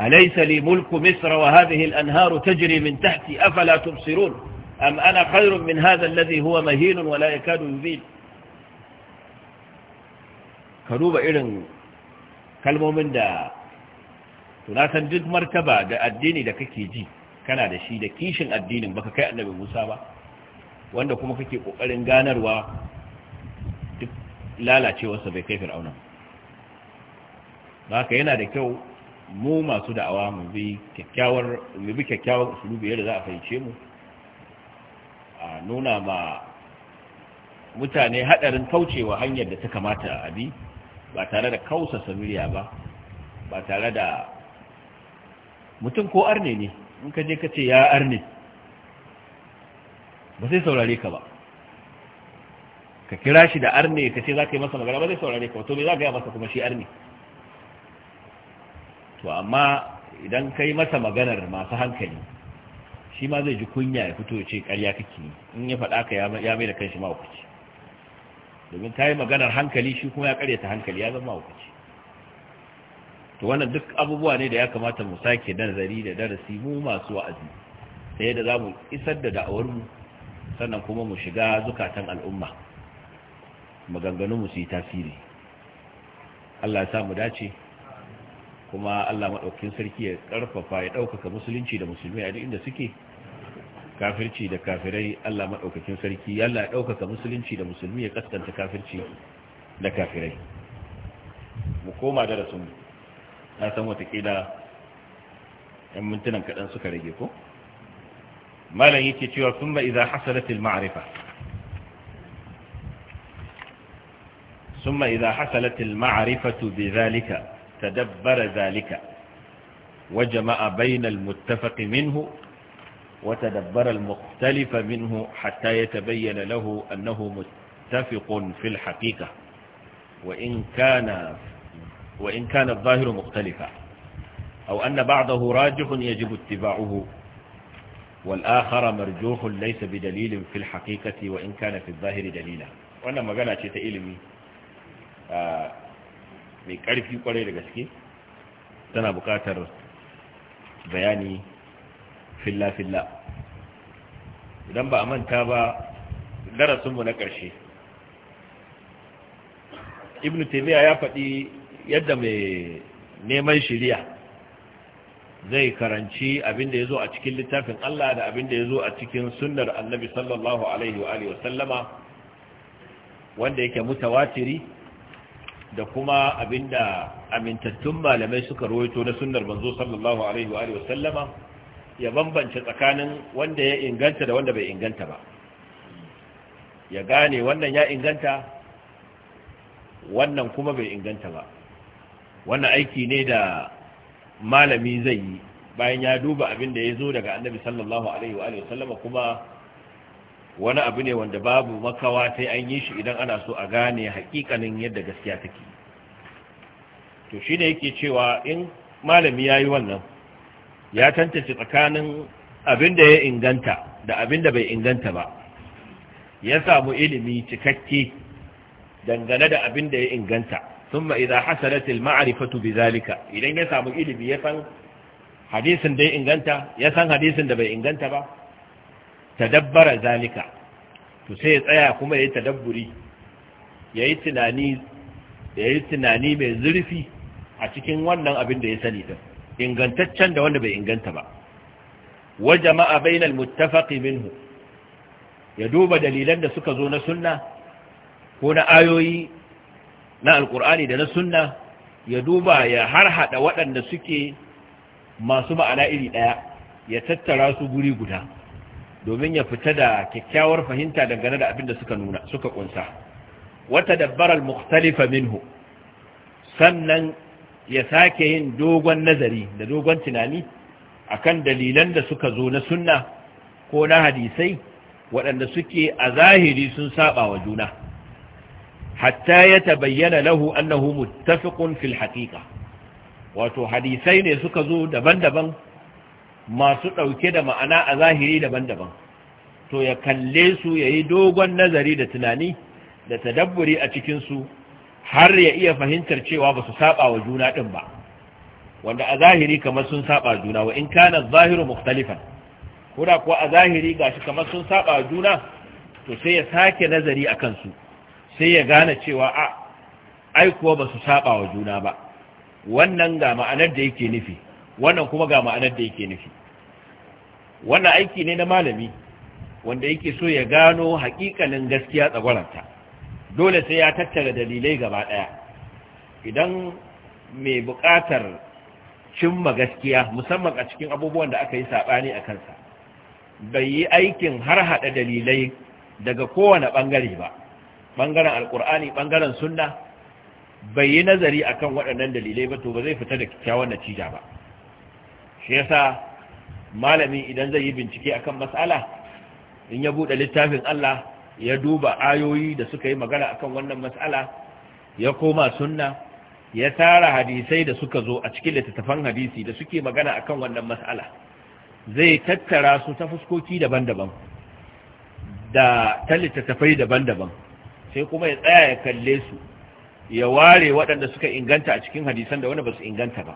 Speaker 1: alaysa li mulku misra wa hadhihi al-anharu tajri min tahti afala tubsirun am ana khayrun min hadha alladhi huwa mahin wa la yakadu yubin ka duba irin kalmomin da tunatan duk martaba da addini da kake ji kana da shi da kishin addinin baka kai annabi Musa ba wanda kuma kake kokarin ganarwa duk lalacewarsa bai kai fir'auna ba haka yana da kyau mu masu da'awa mu bi kyakkyawar mu bi kyakkyawar usulubi yadda za a fahimce mu a nuna ma mutane hadarin kaucewa hanyar da ta kamata a bi ba tare da kausa samiriya ba ba tare da mutum ko arne ne in ka je ka ce ya arne ba zai saurare ka ba ka kira shi da arne ka ce za ka yi masa magana ba zai saurare ka to me za ka yi masa kuma shi arne to amma idan ka yi masa maganar masu hankali shi ma zai ji kunya ya fito ce karya kake in ya faɗa ka ya mai da kan shi hukuci domin ta yi maganar hankali shi kuma ya karya ta hankali ya zama mawukaci. to wannan duk abubuwa ne da ya kamata mu sake nazari da darasi mu masu wa'azi sai da za mu isar da da'awarmu sannan kuma mu shiga zukatan al'umma maganganu mu su yi tasiri Allah ya samu dace kuma Allah maɗaukin sarki ya ƙarfafa ya ɗaukaka musulunci da musulmi a duk inda suke kafirci da kafirai Allah maɗaukakin sarki Allah ya ɗaukaka musulunci da musulmi ya kaskanta kafirci da kafirai mu koma darasin na san watakila 'yan mintunan kaɗan suka rage ko? ما لا cewa ثم إذا حصلت المعرفة ثم إذا حصلت المعرفة بذلك تدبر ذلك وجمع بين المتفق منه وتدبر المختلف منه حتى يتبين له أنه متفق في الحقيقة وإن كان, وإن كان الظاهر مختلفا أو أن بعضه راجح يجب اتباعه والآخر مرجوح ليس بدليل في الحقيقة وإن كان في الظاهر دليلا wannan magana ce ta ilimi mai ƙarfi kwarai da gaske tana buƙatar bayani filla-filla idan ba a manta ba darasin mu na ƙarshe ibn taimiyya ya faɗi yadda mai neman shiriya zai karanci abin da ya zo a cikin littafin Allah da abin da ya zo a cikin sunar annabi sallallahu alaihi wa alihi wasallama wanda yake mutawatiri da kuma abin da amintattun malamai suka roito na sunnar manzo sallallahu alaihi wa alihi wasallama ya bambance tsakanin wanda ya inganta da wanda bai inganta ba ya gane wannan ya inganta wannan kuma bai inganta ba wannan aiki ne da malami zai yi bayan ya duba abin da ya zo daga annabi sallallahu alaihi wa sallama kuma wani abu ne wanda babu makawa sai an yi shi idan ana so a gane hakikanin yadda gaskiya take to shi ne yake cewa in malami ya yi wannan ya tantance tsakanin abin da ya inganta da abin da bai inganta ba ya samu ilimi cikakke dangane da abin da ya inganta ثم إذا حصلت المعرفة بذلك إذن يسام إلبي يسان حديث دي إنغانتا يسان حديث دي إنغانتا با تدبر ذلك تسيط أيا كما يتدبري يأتناني يأتناني من ذرفي أتكين وانا أبن دي سنيتا إنغانتتشان دا وانا بي إنغانتا با وجمع بين المتفق منه يدوب دليلان دا سكزون سنة هنا آيوي na alkur'ani da na sunna ya duba ya harhaɗa waɗanda suke masu ma'ana iri ɗaya ya tattara su guri guda domin ya fita da kyakkyawar fahimta dangane da abin da suka nuna suka kunsa wata dabbaral mukhtalifa minhu sannan ya sake yin dogon nazari da dogon tunani akan dalilan da suka zo na sunna ko na hadisai waɗanda suke a zahiri sun saba wa juna hatta ya ta bayyana lahu annahu muttafiqun fil haqiqa wato hadisai ne suka zo daban-daban masu ɗauke da ma'ana a zahiri daban-daban to ya kalle su ya yi dogon nazari da tunani da tadabburi a cikinsu har ya iya fahimtar cewa ba su saba wa juna ɗin ba wanda a zahiri kamar sun saba juna wa in kana zahiru mukhtalifan koda kuwa a zahiri gashi kamar sun saba juna to sai ya sake nazari a kansu sai ya gane cewa a aikuwa ba su saba wa juna ba wannan ga ma'anar da yake nufi wannan kuma ga ma'anar da yake nufi wannan aiki ne na malami wanda yake so ya gano hakikanin gaskiya tsagwaranta dole sai ya tattara dalilai gaba daya idan mai buƙatar cimma gaskiya musamman a cikin abubuwan da aka yi saɓani a kansa bai yi aikin har haɗa dalilai daga kowane ɓangare ba bangaren alkur'ani bangaren sunna bai yi nazari akan waɗannan dalilai ba to ba zai fita da kyakkyawan natija ba shi yasa malami idan zai yi bincike akan mas'ala in ya buɗe littafin Allah ya duba ayoyi da suka yi magana akan wannan mas'ala ya koma sunna ya tara hadisai da suka zo a cikin littattafan hadisi da suke magana akan wannan mas'ala zai tattara su ta fuskoki daban-daban da ta littattafai daban-daban sai kuma ya tsaya ya kalle su ya ware waɗanda suka inganta a cikin hadisan da wanda ba su inganta ba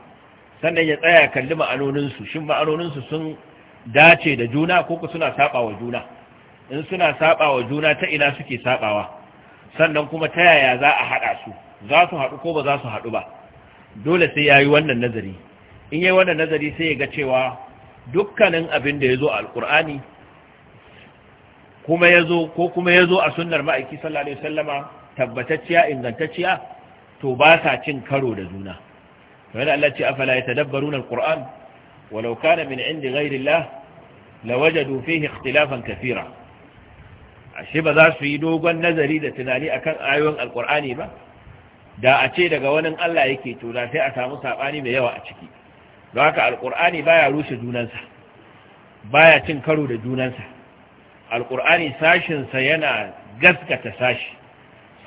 Speaker 1: sannan ya tsaya ya kalli ma'anoninsu shin ma'anoninsu sun dace da juna ko ku suna saba wa juna in suna saba wa juna ta ina suke sabawa sannan kuma ta yaya za a haɗa su za su haɗu ko ba za su haɗu ba dole sai ya yi wannan nazari in yi wannan nazari sai ya ga cewa dukkanin abin da ya zo a alƙur'ani kuma yazo ko kuma ya zo a sunnar ma'aiki sallallahu alaihi wasallama tabbatacciya ingantacciya to ba sa cin karo da juna kamar Allah ce afala yatadabbaruna alquran walau kana min indi ghairi Allah lawajadu fihi ikhtilafan kathira ashe ba za su yi dogon nazari da tunani akan ayoyin alqur'ani ba da a ce daga wani Allah yake to da sai a samu sabani mai yawa a ciki don haka alqur'ani baya rushe junansa baya cin karo da junansa alkur'ani sashinsa yana gaskata sashi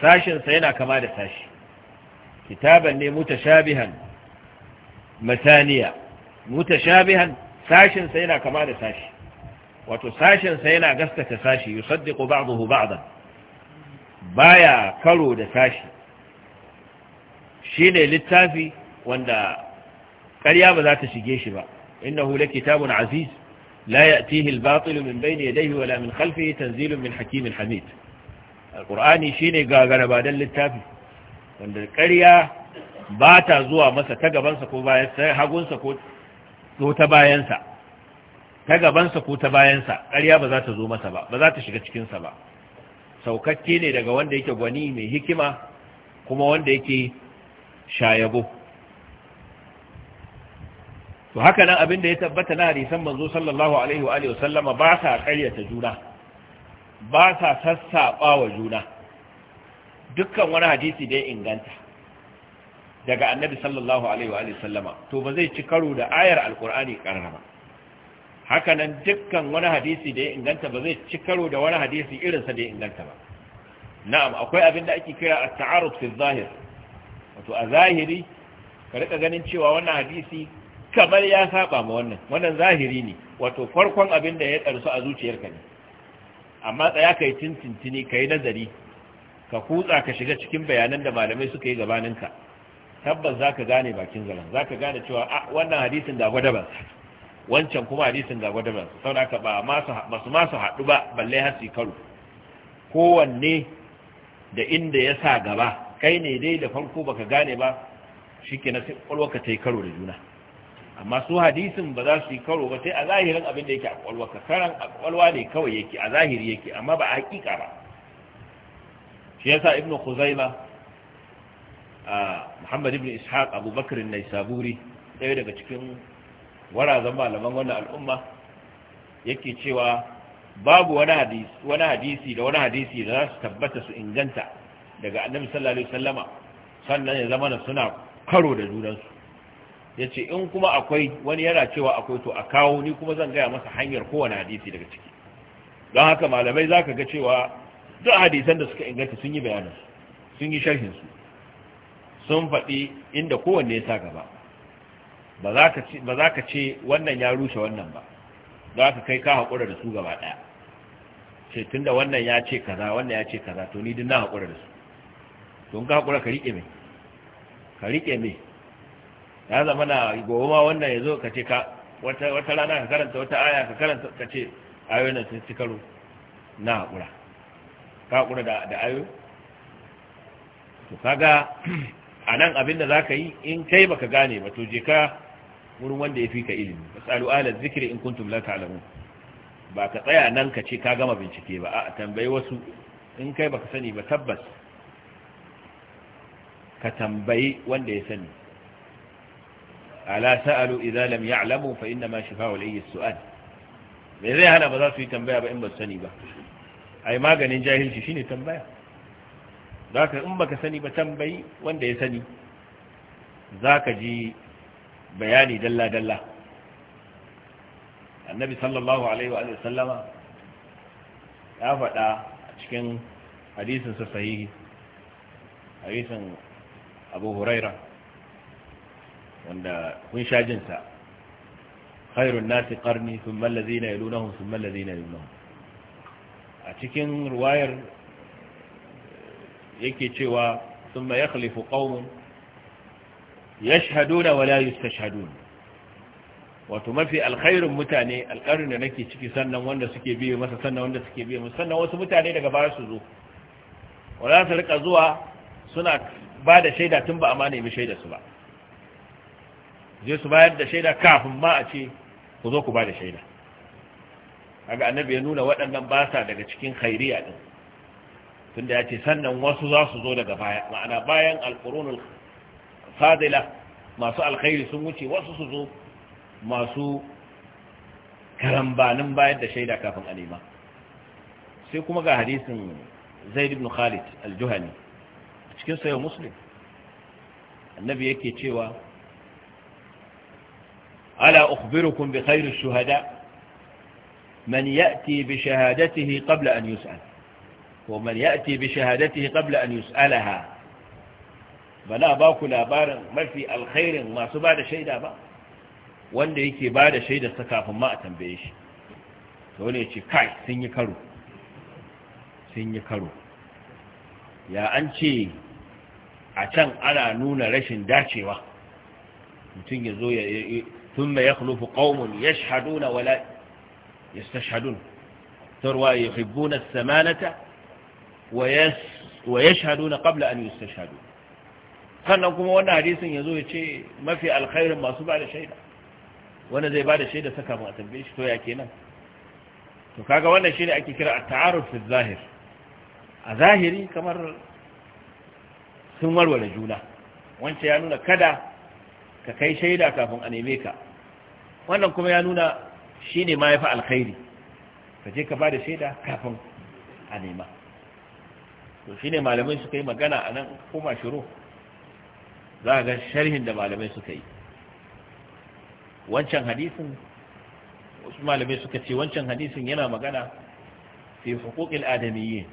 Speaker 1: sashinsa yana kama da sashi kitaban ne mutashabihan mataniya mutashabihan sashinsa yana kama da sashi wato sashinsa yana gaskata sashi yusaddiqu ba'dahu ba'dan baya karo da sashi shine littafi wanda ƙarya ba za ta shige shi ba innahu lakitabun aziz لا يأتيه الباطل من بين يديه ولا من خلفه تنزيل من حكيم حميد القرآن شيني قاقنا بعد للتافي وان القرية باتا زوا مسا تقبنسا كو باينسا حقونسا كو تباينسا تقبنسا كو تباينسا قرية بذات زو مسا با بذات شكتشكين سبا saukakke ne daga wanda yake gwani mai hikima kuma wanda yake shayabo to haka nan abin da ya tabbata na hadisan manzo sallallahu alaihi wa alihi wasallama ba sa ƙaryata juna ba sa sassaɓa juna dukkan wani hadisi da ya inganta daga annabi sallallahu alaihi wa alihi sallama to ba zai ci karo da ayar alqur'ani karama haka nan dukkan wani hadisi da ya inganta ba zai ci karo da wani hadisi irin sa da ya inganta ba na'am akwai abin da ake kira at-ta'arud fi zahir wato a zahiri ka rika ganin cewa wannan hadisi kamar ya saba ma wannan wannan zahiri ne wato farkon abin da ya karsu a zuciyarka ne amma tsaya kai tintintini kai nazari ka kutsa ka shiga cikin bayanan da malamai suka yi gabaninka tabbas zaka gane bakin zalan zaka gane cewa a ah, wannan hadisin da gwada ba wancan kuma hadisin da gwada ba saboda ba masu masu hadu ba balle har su karo kowanne da inda ya sa gaba kai ne dai da farko baka gane ba shikenan sai kwalwarka ta yi karo da juna amma su hadisin ba za su yi karo ba sai a zahirin abin da yake a kwalwa ka karan a kwalwa ne kawai yake a zahiri yake amma ba a hakika ba shi yasa ibnu khuzaima a muhammad ibn ishaq abubakar naisaburi ɗaya daga cikin warazan malaman wannan al'umma yake cewa babu wani hadisi wani hadisi da wani hadisi da za su tabbata su inganta daga annabi sallallahu alaihi wasallama sannan ya zama suna karo da junansu ya ce in kuma akwai wani yana cewa akwai to a kawo ni kuma zan gaya masa hanyar kowane hadisi daga ciki don haka malamai za ka ga cewa duk hadisan da suka inganta sun yi bayanin sun yi sharhinsu sun faɗi inda kowanne ya sa gaba ba za ka ce wannan ya rushe wannan ba za ka kai ka haƙura da su gaba ɗaya ce tun da wannan ya ce kaza wannan ya ce kaza to ni din na haƙura da su to in ka haƙura ka riƙe mai ka riƙe mai ya zama na goma ma wannan ya zo ka ce ka wata rana ka karanta wata aya ka karanta ka ce ayo na sun ci karo na haƙura ka haƙura da ayo to kaga a nan abin da za ka yi in kai baka gane ba to je ka wurin wanda ya fi ka ilimi ba tsalu alar zikiri in kuntum la ta'lamun ba ka tsaya nan ka ce ka gama bincike ba a tambayi wasu in kai baka sani ba tabbas ka tambayi wanda ya sani ala sa'alu idza lam ya'lamu fa inna ma shifa'u al-ayyi su'al me zai hana ba za su yi tambaya ba in ba sani ba ai maganin jahilci shine tambaya zaka in baka sani ba tambayi wanda ya sani zaka ji bayani dalla dalla annabi sallallahu alaihi wa sallama ya faɗa cikin hadisin sa sahihi hadisin abu huraira wanda kun sha jin sa khairun nasi qarni thumma allazina yalunahum thumma allazina yalunahum a cikin ruwayar eh, yake cewa thumma yakhlifu qaumun yashhaduna wa la yastashhadun wato mafi alkhairun mutane alƙarin da nake ciki sannan wanda suke biye masa sannan wanda suke biye masa sannan wasu mutane daga baya su zo wanda su rika zuwa suna ba da shaida tun ba a ma nemi shaida su ba je su bayar da shaida kafin ma a ce ku zo ku ba da shaida kaga annabi ya nuna waɗannan ba sa daga cikin khairiya din tunda ya ce sannan wasu za su zo daga baya ma'ana bayan alqurunul fadila masu alkhairi sun wuce wasu su zo masu karambanin bayar da shaida kafin alima sai kuma ga hadisin zaid ibn khalid al-juhani cikin sayo muslim annabi yake cewa ألا أخبركم بخير الشهداء من يأتي بشهادته قبل أن يسأل ومن يأتي بشهادته قبل أن يسألها بنا باكو لابارا ما في الخير ما سبعد شيدا با wanda yake bada shaida shaidarsa kafin ma a tambaye shi da ce kai sun yi karo ya an ce a can ana nuna rashin dacewa mutum ya zo ثم يخلف قوم يشهدون ولا يستشهدون ثروة يحبون السمانة ويشهدون قبل أن يستشهدوا فنكم وانا حديث يزوه شيء ما في الخير ما صبع شيء وانا زي بعد الشيء سكى ما تبيش تو يأكينا فكاقا وانا شيء أكي التعارف في الظاهر الظاهري كمر ثمر ولا جولة وانت يعنون كذا ka kai shaida kafin a neme ka wannan kuma ya nuna shi ne ma ya fi alkhairi ka je ka ba da shaida kafin a nema to shi ne malamai suka yi magana a nan koma shiro za ga sharhin da malamai suka yi wancan hadisin wasu malamai suka ce wancan hadisin yana magana fi hukukil adamiyyin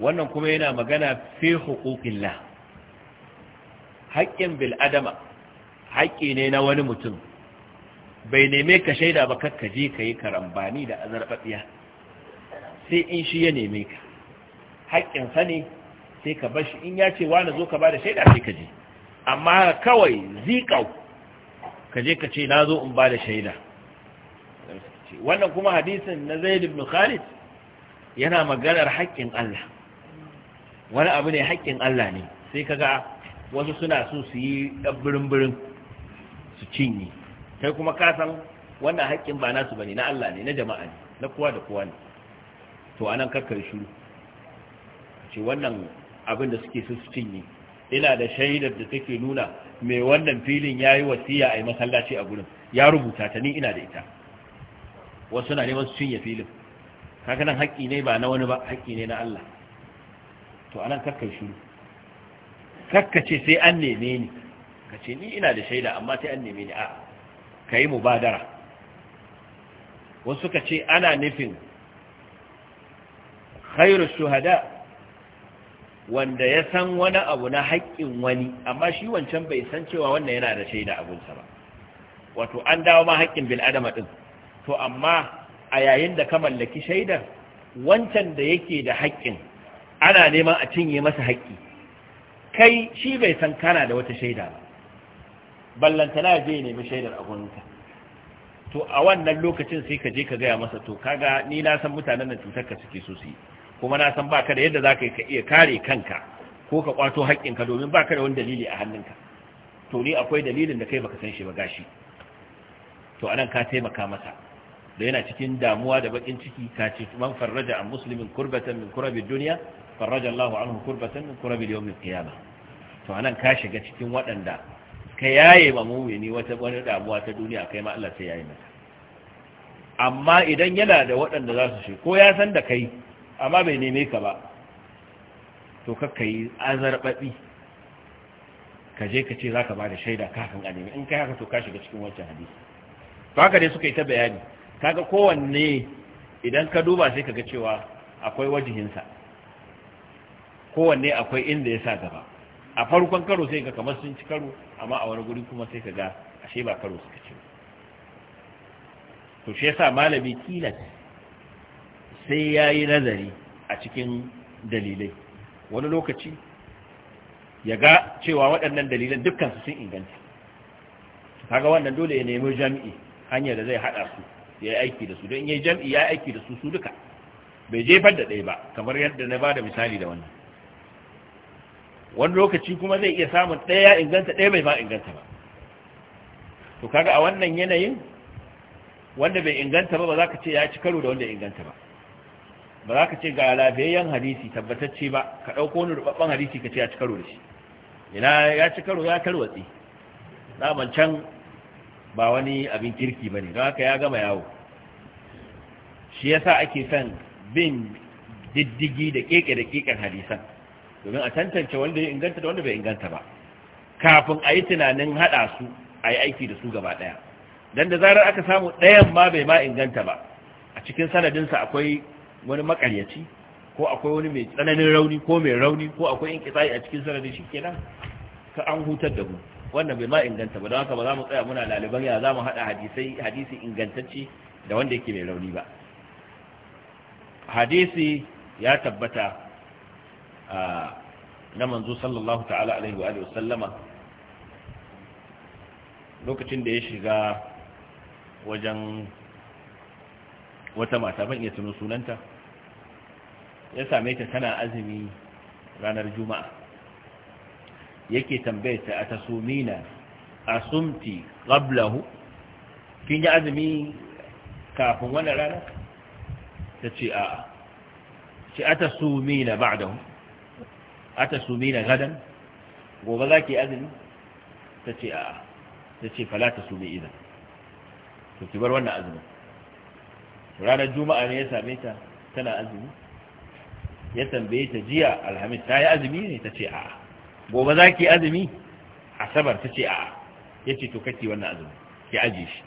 Speaker 1: wannan kuma yana magana fi hukukillah haƙƙin bil'adama haƙƙi ne na wani mutum bai neme ka shaida ba kakka je ka yi karambani da azarfaɗiya sai in shi ya neme ka haƙƙinsa ne sai ka bar shi in ya ce wani zo ka ba da shaida sai ka je amma kawai zikau ka je ka ce na zo in ba da shaida wannan kuma hadisin na zaid ibn khalid yana maganar haƙƙin Allah wani abu ne haƙƙin Allah ne sai kaga wasu suna so su yi birin birin su cinye kai kuma ka san wannan haƙƙin ba nasu bane na Allah ne na jama'a ne na kowa da kowa ne to anan karkar shiru ce wannan abin da suke su cinye ina da shaidar da take nuna mai wannan filin yayi wasiya a masallaci a gurin ya rubuta ta ni ina da ita wasu na neman su cinye filin kaga nan haƙƙi ne ba na wani ba haƙƙi ne na Allah to anan karkar shiru ce sai an neme ni ka ce ni ina da shaida amma sai an nemi ni a ka yi mubadara wasu ka ce ana nufin khairu shuhada wanda ya san wani abu na haƙƙin wani amma shi wancan bai san cewa wannan yana da shaida abunsa ba wato an dawo ma haƙƙin bil'adama ɗin to amma a yayin da ka mallaki shaidar wancan da yake da haƙƙin ana neman a cinye masa haƙƙi kai shi bai san kana da wata shaida ba ballantana ya je nemi shaidar a to a wannan lokacin sai ka je ka gaya masa to kaga ni na san mutanen nan cutar ka suke so su kuma na san baka da yadda za ka iya kare kanka ko ka kwato haƙƙinka domin baka da wani dalili a hannunka to ni akwai dalilin da kai baka san shi ba gashi to anan ka taimaka masa da yana cikin damuwa da bakin ciki ka ce man farraja an muslimin kurbatan min kurabi duniya, farraja Allahu anhu kurbatan min kurabi yawmil qiyamah to anan ka shiga cikin waɗanda ka yaye ma mumini wata wani damuwa ta duniya kai ma Allah sai yaye mata. amma idan yana da waɗanda za su shi ko ya san da kai amma bai neme ka ba to kakka yi azarbaɓi ka je ka ce za ka ba da shaida kafin a nemi in kai haka to ka shiga cikin wancan hadisi to haka dai suka yi ta bayani kaga kowanne idan ka duba sai kaga cewa akwai wajihinsa kowanne akwai inda ya sa gaba a farkon karo sai ka kamar sun ci karo amma a wani guri kuma sai ka ga ashe ba karo suka ci to shi yasa malami kila sai ya yi nazari a cikin dalilai wani lokaci ya ga cewa waɗannan dalilan dukkan su sun inganta kaga wannan dole ya nemi jami'i hanyar da zai haɗa su ya yi aiki da su don yi jami'i ya yi aiki da su su duka bai jefar da ɗaya ba kamar yadda na ba da misali da wannan wani lokaci kuma zai iya samun ɗaya inganta ɗaya bai ma inganta ba to kaga a wannan yanayin wanda bai inganta ba ba za ka ce ya ci karo da wanda ya inganta ba ba za ka ce ga lafiyayyen hadisi tabbatacce ba ka ɗauko wani rubabban hadisi ka ce ya ci karo da shi ina ya ci karo ya karwatsi daman can ba wani abin kirki ba ne don haka ya gama yawo shi yasa ake son bin diddigi da keke da keken hadisan domin a tantance wanda ya inganta da wanda bai inganta ba kafin a yi tunanin haɗa su a yi aiki da su gaba ɗaya don da zarar aka samu ɗayan ma bai ma inganta ba a cikin sanadinsa akwai wani makaryaci ko akwai wani mai tsananin rauni ko mai rauni ko akwai in kitsayi a cikin sanadin shi kenan ka an hutar da mu wannan bai ma inganta ba don haka ba za mu tsaya muna laliban ya za mu haɗa hadisai hadisi ingantacce da wanda yake mai rauni ba hadisi ya tabbata na manzo sallallahu ta'ala alaihi wa sallama lokacin da ya shiga wajen wata mata ban iya tuno sunanta ya same ta tana azumi ranar juma'a yake tambaye ta atasumina asumti qablahu kin yi azumi kafin wannan rana ta ce a'a ce atasumina ba'dahu ata sumi na gadan gobe za ki azumi ta ce a ta ce fala ta sumi idan to ki bar wannan azumin ranar juma'a ne ya same ta tana azumi ya tambaye ta jiya alhamis ta yi azumi ne ta ce a gobe za ki azumi asabar ta ce a ya ce to kake wannan azumi ki aje shi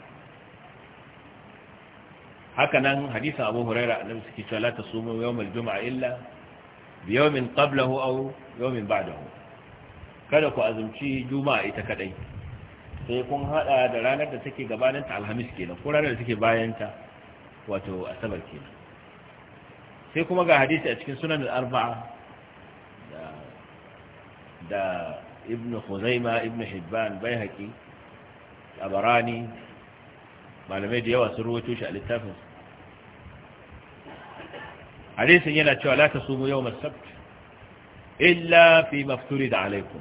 Speaker 1: haka nan hadisan abu huraira annabi suke cewa la tasumu yawmal juma'a illa biyomin qablahu ba da ba'dahu kada ku azumci juma'a ita kadai sai kun haɗa da ranar da take gabanin ta alhamis nan ko ranar da take bayanta wato asabar nan sai kuma ga hadisi a cikin sunan al-arba'a da Ibn huzaima Ibn ibnu hibban baihaqi abarani malamai da yawa sun ruwaito shi a littafin hadisin yana cewa la tasumu yawmas sabt illa fi mafturida alaykum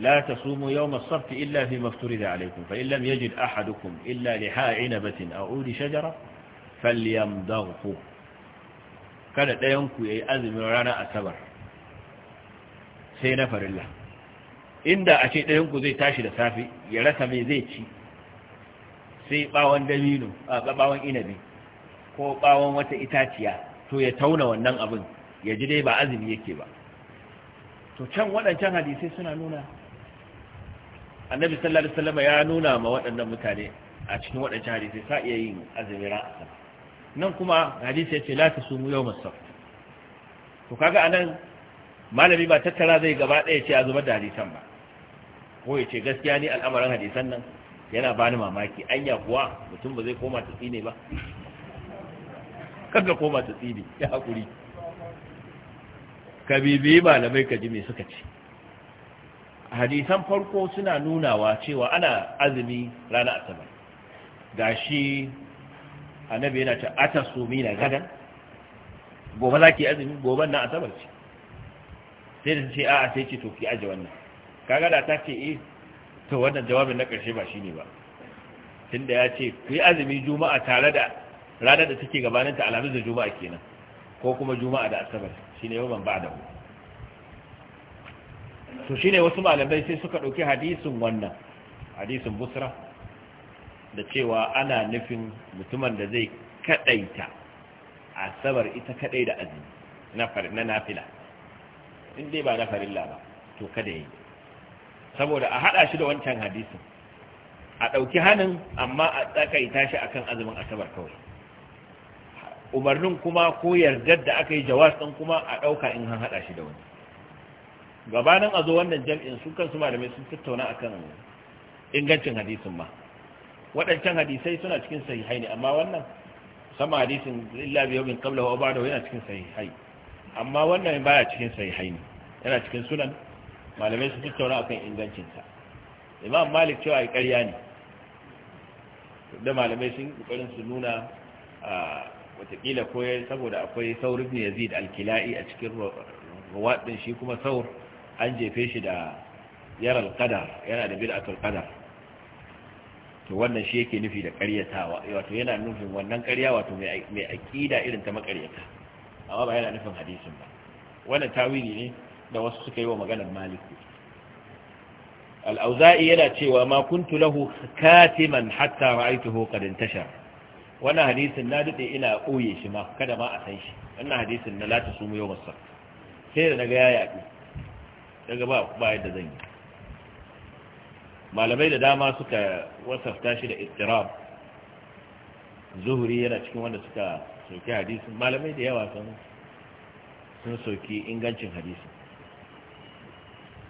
Speaker 1: لا تصوموا يوم الصبت إلا فيما افترض عليكم batin a يجد أحدكم إلا da عنبة kada ɗayanku ya yi azumin تيمكو أذن رانا أتبر سينفر الله inda a ce ɗayanku zai tashi da safe ya rasa mai zai ci sai ɓawon dabino a inabi ko bawon wata itaciya to ya tauna wannan abin ya ji dai ba azumi yake ba to can waɗancan hadisai suna nuna annabi sallallahu alaihi wasallam ya nuna ma waɗannan mutane a cikin waɗancan hadisai sa iya yin azumi ran asar nan kuma hadisi ya ce la sumu yawmas sabt to kaga anan malami ba tattara zai gaba ɗaya ce a zubar da hadisan ba ko ya ce gaskiya ne al'amarin hadisan nan yana bani mamaki anya kuwa mutum ba zai koma tafi ne ba ka koma ta tsini ya haƙuri ka bibiyi malamai ka ji me suka ce hadisan farko suna nunawa cewa ana azumi rana asabar ga shi annabi yana ta ata sumi na gadan gobe za ki azumi gobe na asabar ce sai da ce a'a sai ce to ki aje wannan kaga da ta ce eh to wannan jawabin na ƙarshe ba shine ba tunda ya ce ku yi azumi juma'a tare da ranar da take gabanin ta alhamis da juma'a kenan ko kuma juma'a da asabar shine yawan ba da to shine wasu malamai sai suka dauki hadisin wannan hadisin busra da cewa ana nufin mutumin da zai kadaita asabar ita kadai da azumi na na nafila in dai ba na farilla ba to kada yi saboda a hada shi da wancan hadisin a dauki hanin amma a tsakaita shi akan azumin asabar kawai umarnin kuma ko yardar da aka yi jawas ɗin kuma a ɗauka in an haɗa shi da wani gabanin a zo wannan jam'in su kansu malamai sun tattauna kan ingancin hadisin ma waɗancan hadisai suna cikin sahihai ne amma wannan sama hadisin illa biyu min kabla wa ba'da yana cikin sahihai amma wannan baya cikin sahihai ne yana cikin sunan malamai sun tattauna akan ingancin sa imam malik cewa ya ƙarya ne da malamai sun ƙoƙarin su nuna ah, watakila ko ya saboda akwai saur ibn yazid alkila'i a cikin ruwadin shi kuma saur an jefe shi da yara al yana da bid'atul qadar to wannan shi yake nufi da ƙaryatawa wato yana nufin wannan ƙarya wato mai aqida irin ta makaryata amma ba yana nufin hadisin ba wannan tawili ne da wasu suka yi wa maganar maliki al-auza'i yana cewa ma kuntu lahu katiman hatta ra'aytuhu qad intashara wannan hadisin na dade ina koye shi ma kada ma a san shi wannan hadisin na lati su mu yau masar sai da naga ya yaɗu daga ba ba yadda zan yi malamai da dama suka wasafta shi da istirab zuhuri yana cikin wanda suka soki hadisin malamai da yawa sun sun soki ingancin hadisin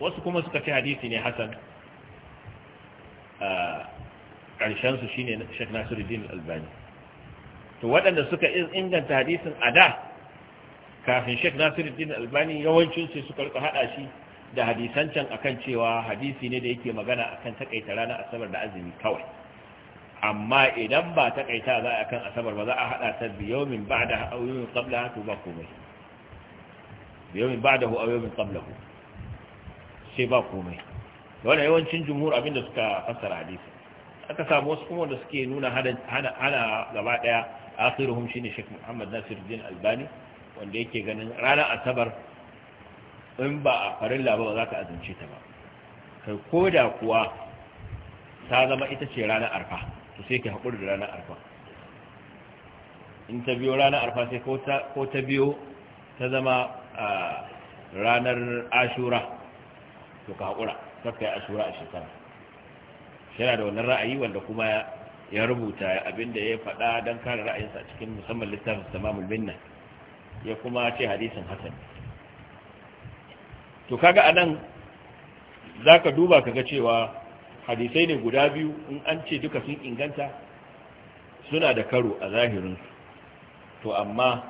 Speaker 1: wasu kuma suka ce hadisi ne hasan a ah, ƙarshensu shi ne shek nasiruddin albani to waɗanda suka inganta hadisin a da kafin sheikh nasiruddin albani yawancin sai suka rika haɗa shi da hadisan can akan cewa hadisi ne da yake magana akan takaita ranar asabar da azumi kawai amma idan ba takaita za a kan asabar ba za a haɗa ta biyomin da ayyumin qabla to ba komai biyomin da hu ayyumin ko sai ba komai wani yawancin jumhur abinda suka fassara hadisi aka samu wasu kuma da suke nuna hana gaba daya akhiruhum shine Sheikh Muhammad Nasiruddin Albani wanda yake ganin ranar Asabar in ba a farilla ba za ka azince ta ba kai koda kuwa ta zama ita ce ranar arfa to sai ka haƙuri da ranar arfa in ta biyo ranar arfa sai ko ta biyo ta zama ranar ashura to ka haƙura ka yi ashura a shekara yana da wannan ra'ayi wanda kuma ya rubuta abin da ya faɗa don kare ra'ayinsa a cikin musamman littafin tamamul minna ya kuma ce hadisin hasan to kaga anan ka duba kaga cewa hadisai ne guda biyu in an ce duka sun inganta suna da karo a zahirinsu to amma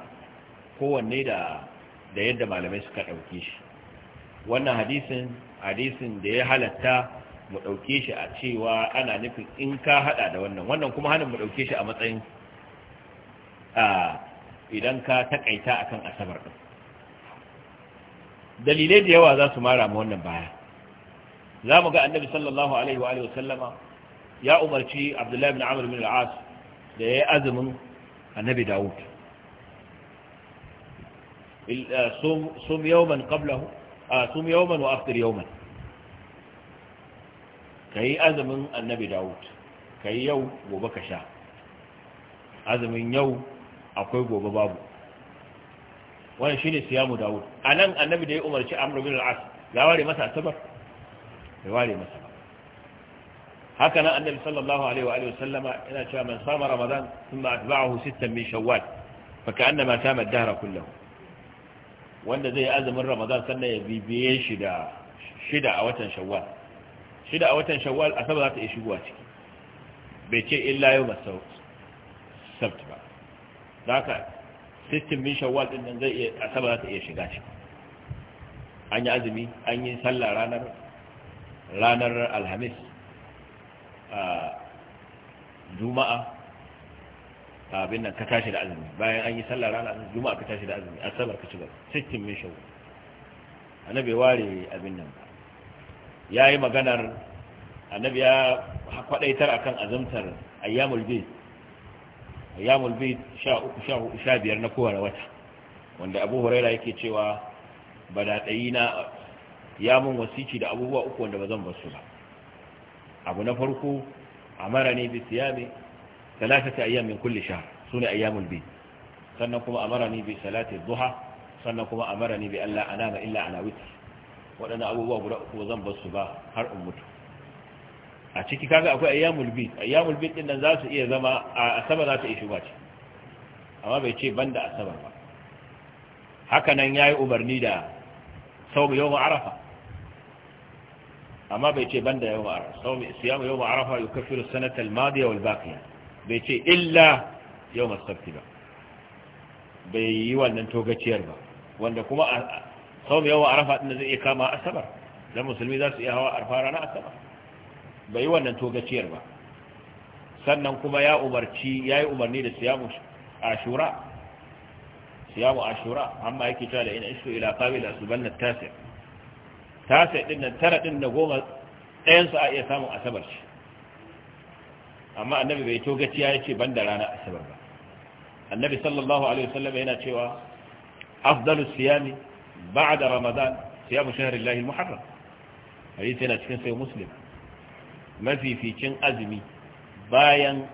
Speaker 1: kowanne da da yadda malamai suka ɗauke shi wannan hadisin hadisin da ya halatta mu ɗauke shi a cewa ana nufin in ka haɗa da wannan wannan kuma hannun mu ɗauke shi a matsayin idan ka taƙaita kan asabar ɗin dalilai da yawa za su mara ma wannan baya za mu ga annabi sallallahu alaihi wa sallama ya umarci abdullahi bin amur bin al'as da ya yi azumin annabi dawud sum yawman qablahu sum yawman wa aftir yawman kai azumin annabi daud kai yau gobe ka sha azumin yau akwai gobe babu wannan shine siyamu daud anan annabi da ya umarci amr bin al-as ya ware masa asabar ya ware masa haka nan annabi sallallahu alaihi wa alihi wasallama yana cewa man sama ramadan thumma atba'ahu sittan min shawwal fa ka'annama sama ad-dahra kullahu wanda zai azumin ramadan sannan ya bibiye shi da shida a watan shawwal shida a watan shawwal Asaba za ta iya shigowa ciki bai ce illa yau masau sabta ba za ka sistin bin shawwal din nan zai iya Asaba za ta iya shiga ciki an yi azumi an yi sallah ranar ranar alhamis a juma'a abin nan ka tashi da azumi bayan an yi sallah ranar juma'a ka tashi da azumi asabar ka ci gaba sistin bin shawwal annabi ware abin nan ba ya yi maganar annabi ya kwadaitar akan azumtar ayyamul bid ayyamul bid 13 15 na kowane wata wanda abu huraira yake cewa ba da ɗayi na ya mun wasici da abubuwa uku wanda ba zan bar su ba abu na farko amara ne bi siyami salatata ayyam min kulli su ne ayyamul bid sannan kuma a Mara ne bi salati duha sannan kuma a Mara ne bi alla anama illa ala witr waɗannan abubuwa guda uku zan bar su ba har in mutu a ciki kaga akwai ayyamul bid ayyamul bid din nan za su iya zama a asaba za ta ishu ce amma bai ce banda asaba ba haka nan yayi ubarni da sau yawm arafa amma bai ce banda yawm arafa sau siyam yawm arafa yukaffiru sanata al-madiya wal baqiya bai ce illa yawm as ba bai yi wannan togaciyar ba wanda kuma sau mai yawa arafa ɗin da zai iya kama a asabar don musulmi za su iya hawa arfa ranar asabar bai yi wannan togaciyar ba sannan kuma ya umarci ya yi umarni da siyamu ashura siyamu ashura amma yake cewa da ina isu ila kabila su banna tasir tasir ɗin nan tara ɗin da goma ɗayansu a iya samun asabar ce amma annabi bai togaciya ya ce ban da ranar asabar ba annabi sallallahu alaihi wasallam yana cewa afdalu siyami بعد رمضان صيام شهر الله المحرم حديث هنا cikin sai muslim mafificin azumi bayan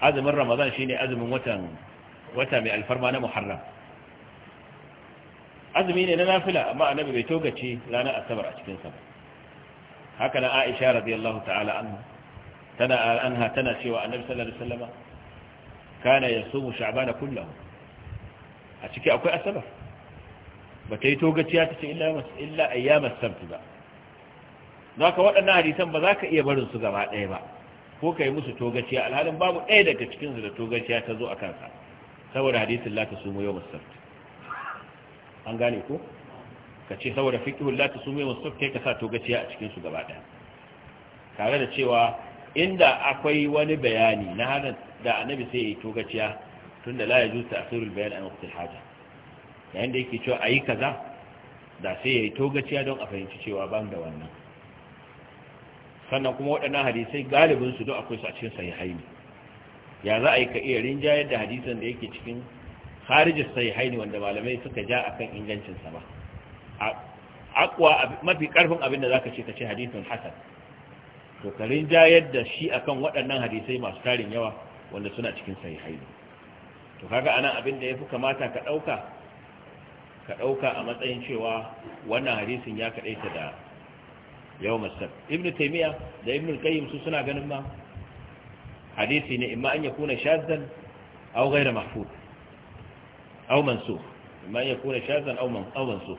Speaker 1: azumin ramadan shine azumin watan wata mai alfarma na muharram azumi ne na nafila amma annabi bai togace ranar asabar a cikin sa haka na aisha radiyallahu ta'ala anha tana anha tana cewa annabi sallallahu alaihi wasallama kana yasumu sha'bana kullahu a ciki akwai asabar ba ta yi togaciya ta ce illa yi sabti ba za ka waɗannan hadisan ba za ka iya barin su gaba ɗaya ba ko ka yi musu togaciya alhalin babu ɗaya daga cikinsu da togaciya ta zo a kansa saboda hadisin lati ta sumu masu masarti an gane ko ka ce saboda fikihun lati ta sumu yau masarti kai ka sa togaciya a cikinsu gaba ɗaya tare da cewa inda akwai wani bayani na halin da annabi sai ya yi togaciya tun da la ya a asirul bayan an waktar haja yayin da yake cewa ayi kaza da sai yayi togaciya don a fahimci cewa ban da wannan sannan kuma waɗannan hadisai galibin su duk akwai su a cikin sahihaini ya za a yi ka iya rinjayar da hadisan da yake cikin kharijis sahihaini wanda malamai suka ja akan ingancin sa ba akwa mafi karfin abin da zaka ce ka ce hadithun hasan to ka rinjayar da shi akan waɗannan hadisai masu tarin yawa wanda suna cikin sahihaini to kaga anan abin da ya yafi kamata ka ɗauka. ka ɗauka a matsayin cewa wannan hadisin ya kaɗaita da yau masar ibn taimiyya da ibn qayyim su suna ganin ma hadisi ne imma an ya kuna shazan au gaira mahfud au mansuf imma an ya kuna shazan au mansuf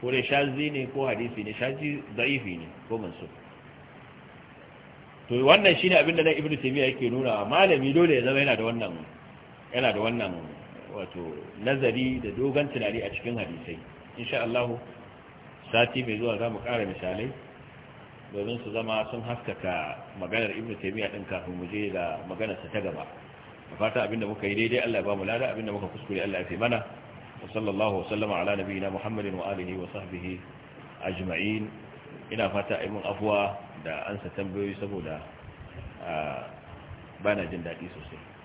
Speaker 1: ko dai shazi ne ko hadisi ne shazi da'ifi ne ko mansuf to wannan shine abin da nan ibn taimiyya yake nuna malami dole ya zama yana da wannan yana da wannan wato nazari da dogon tunani a cikin hadisai insha Allah sati mai zuwa za mu ƙara misalai domin su zama sun haskaka maganar ibn taymiya din kafin mu je da maganar sa ta gaba da fata abinda muka yi daidai Allah ya ba mu lada abinda muka kuskure Allah ya fi mana wa sallallahu sallama ala nabiyina muhammadin wa alihi wa sahbihi ajma'in ina fata ayi mun afwa da ansa tambayoyi saboda ah, bana jin daɗi sosai